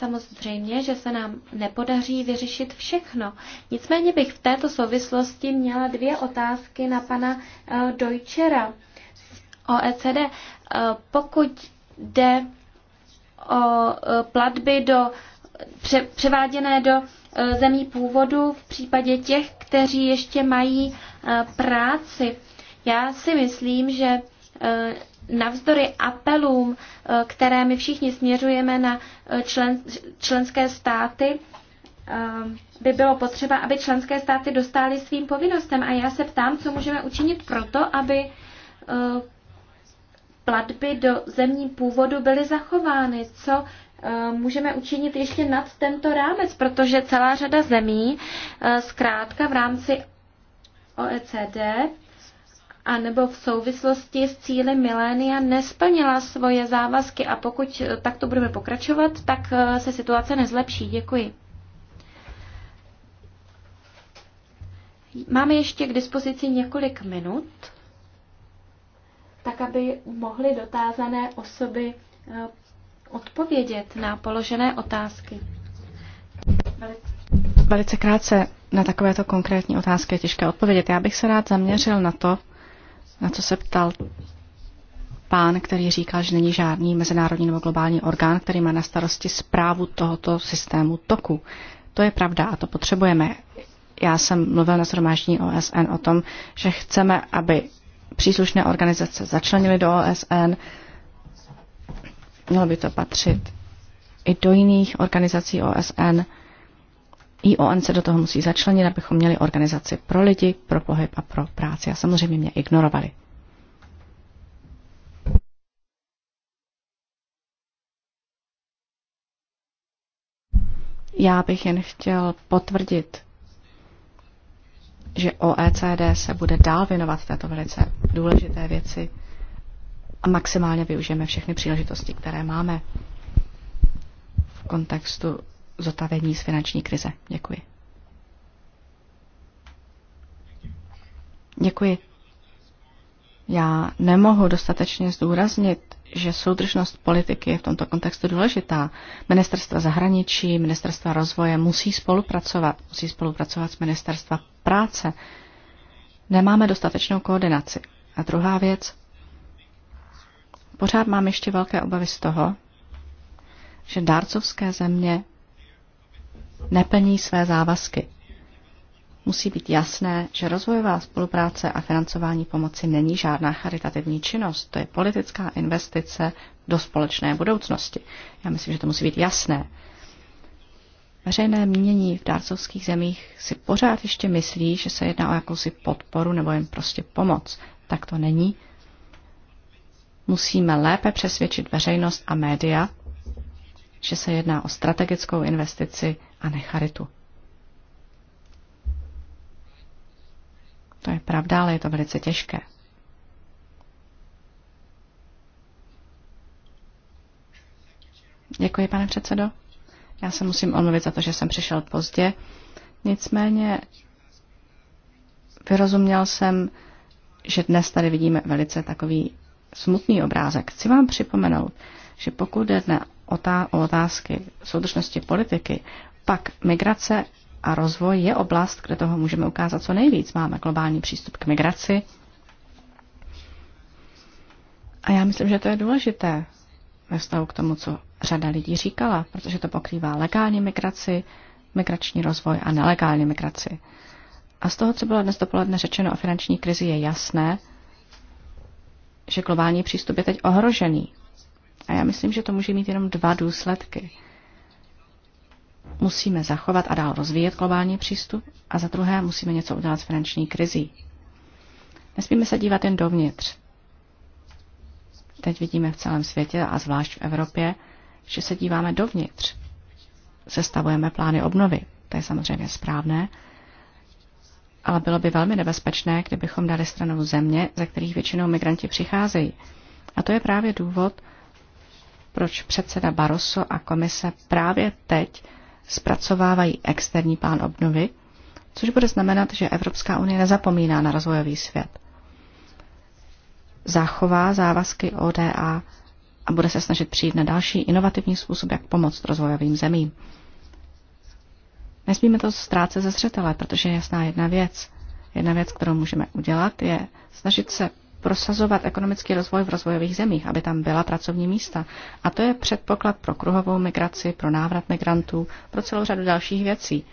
Samozřejmě, že se nám nepodaří vyřešit všechno. Nicméně bych v této souvislosti měla dvě otázky na pana eh, Dojčera z OECD. Eh, pokud jde o eh, platby do, pře, převáděné do zemí původu v případě těch, kteří ještě mají práci, já si myslím, že navzdory apelům, eh, které my všichni směřujeme na eh, člen, členské státy, eh, by bylo potřeba, aby členské státy dostály svým povinnostem. A já se ptám, co můžeme učinit proto, aby platby do zemní původu byly zachovány, co můžeme učinit ještě nad tento rámec, protože celá řada zemí zkrátka v rámci OECD a nebo v souvislosti s cíly milénia nesplnila svoje závazky a pokud eh, takto budeme pokračovat, tak eh, se situace nezlepší. Děkuji. Máme ještě k dispozici několik minut, tak aby mohly dotázané osoby eh, odpovědět na položené otázky. Velice krátce na takovéto konkrétní otázky je těžké odpovědět. Já bych se rád zaměřil na to, na co se ptal pán, který říká, že není žádný mezinárodní nebo globální orgán, který má na starosti zprávu tohoto systému toku. To je pravda a to potřebujeme. Já jsem mluvil na shromáždění OSN o tom, že chceme, aby příslušné organizace začlenily do OSN. Mělo by to patřit i do jiných organizací OSN ION se do toho musí začlenit, abychom měli organizaci pro lidi, pro pohyb a pro práci. A samozřejmě mě ignorovali. Já bych jen chtěl potvrdit, že OECD se bude dál věnovat této velice důležité věci a maximálně využijeme všechny příležitosti, které máme v kontextu zotavení z finanční krize. Děkuji. Děkuji. Já nemohu dostatečně zdůraznit, že soudržnost politiky je v tomto kontextu důležitá. Ministerstva zahraničí, ministerstva rozvoje musí spolupracovat, musí spolupracovat s ministerstva práce. Nemáme dostatečnou koordinaci. A druhá věc, pořád mám ještě velké obavy z toho, že dárcovské země neplní své závazky. Musí být jasné, že rozvojová spolupráce a financování pomoci není žádná charitativní činnost, to je politická investice do společné budoucnosti. Já myslím, že to musí být jasné. Veřejné mínění v dárcovských zemích si pořád ještě myslí, že se jedná o jakousi podporu nebo jen prostě pomoc. Tak to není. Musíme lépe přesvědčit veřejnost a média, že se jedná o strategickou investici a necharitu. To je pravda, ale je to velice těžké. Děkuji, pane předsedo. Já se musím omluvit za to, že jsem přišel pozdě. Nicméně vyrozuměl jsem, že dnes tady vidíme velice takový smutný obrázek. Chci vám připomenout, že pokud jde otá- o otázky soudržnosti politiky, pak migrace a rozvoj je oblast, kde toho můžeme ukázat co nejvíc. Máme globální přístup k migraci. A já myslím, že to je důležité ve vztahu k tomu, co řada lidí říkala, protože to pokrývá legální migraci, migrační rozvoj a nelegální migraci. A z toho, co bylo dnes dopoledne řečeno o finanční krizi, je jasné, že globální přístup je teď ohrožený. A já myslím, že to může mít jenom dva důsledky. Musíme zachovat a dál rozvíjet globální přístup a za druhé musíme něco udělat s finanční krizí. Nesmíme se dívat jen dovnitř. Teď vidíme v celém světě a zvlášť v Evropě, že se díváme dovnitř. Sestavujeme plány obnovy. To je samozřejmě správné, ale bylo by velmi nebezpečné, kdybychom dali stranou země, ze kterých většinou migranti přicházejí. A to je právě důvod, proč předseda Barroso a komise právě teď zpracovávají externí plán obnovy, což bude znamenat, že Evropská unie nezapomíná na rozvojový svět. Zachová závazky ODA a bude se snažit přijít na další inovativní způsob, jak pomoct rozvojovým zemím. Nesmíme to ztrácet ze zřetele, protože je jasná jedna věc. Jedna věc, kterou můžeme udělat, je snažit se prosazovat ekonomický rozvoj v rozvojových zemích, aby tam byla pracovní místa. A to je předpoklad pro kruhovou migraci, pro návrat migrantů, pro celou řadu dalších věcí.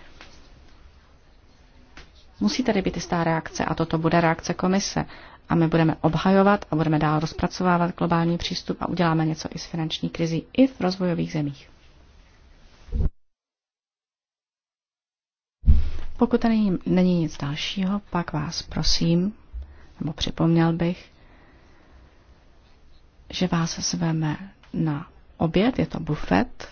Musí tady být jistá reakce a toto bude reakce komise. A my budeme obhajovat a budeme dál rozpracovávat globální přístup a uděláme něco i s finanční krizí, i v rozvojových zemích. Pokud tady není nic dalšího, pak vás prosím, nebo připomněl bych, že vás zveme na oběd, je to bufet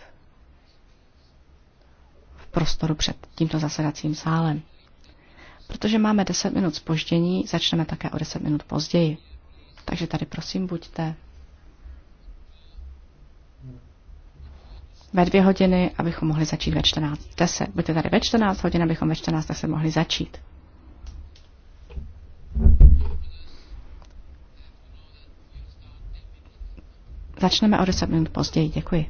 v prostoru před tímto zasedacím sálem. Protože máme 10 minut spoždění, začneme také o 10 minut později. Takže tady prosím buďte ve dvě hodiny, abychom mohli začít ve 14.10. Buďte tady ve 14 hodin, abychom ve 14.10 mohli začít. Začneme o 10 minut později. Děkuji.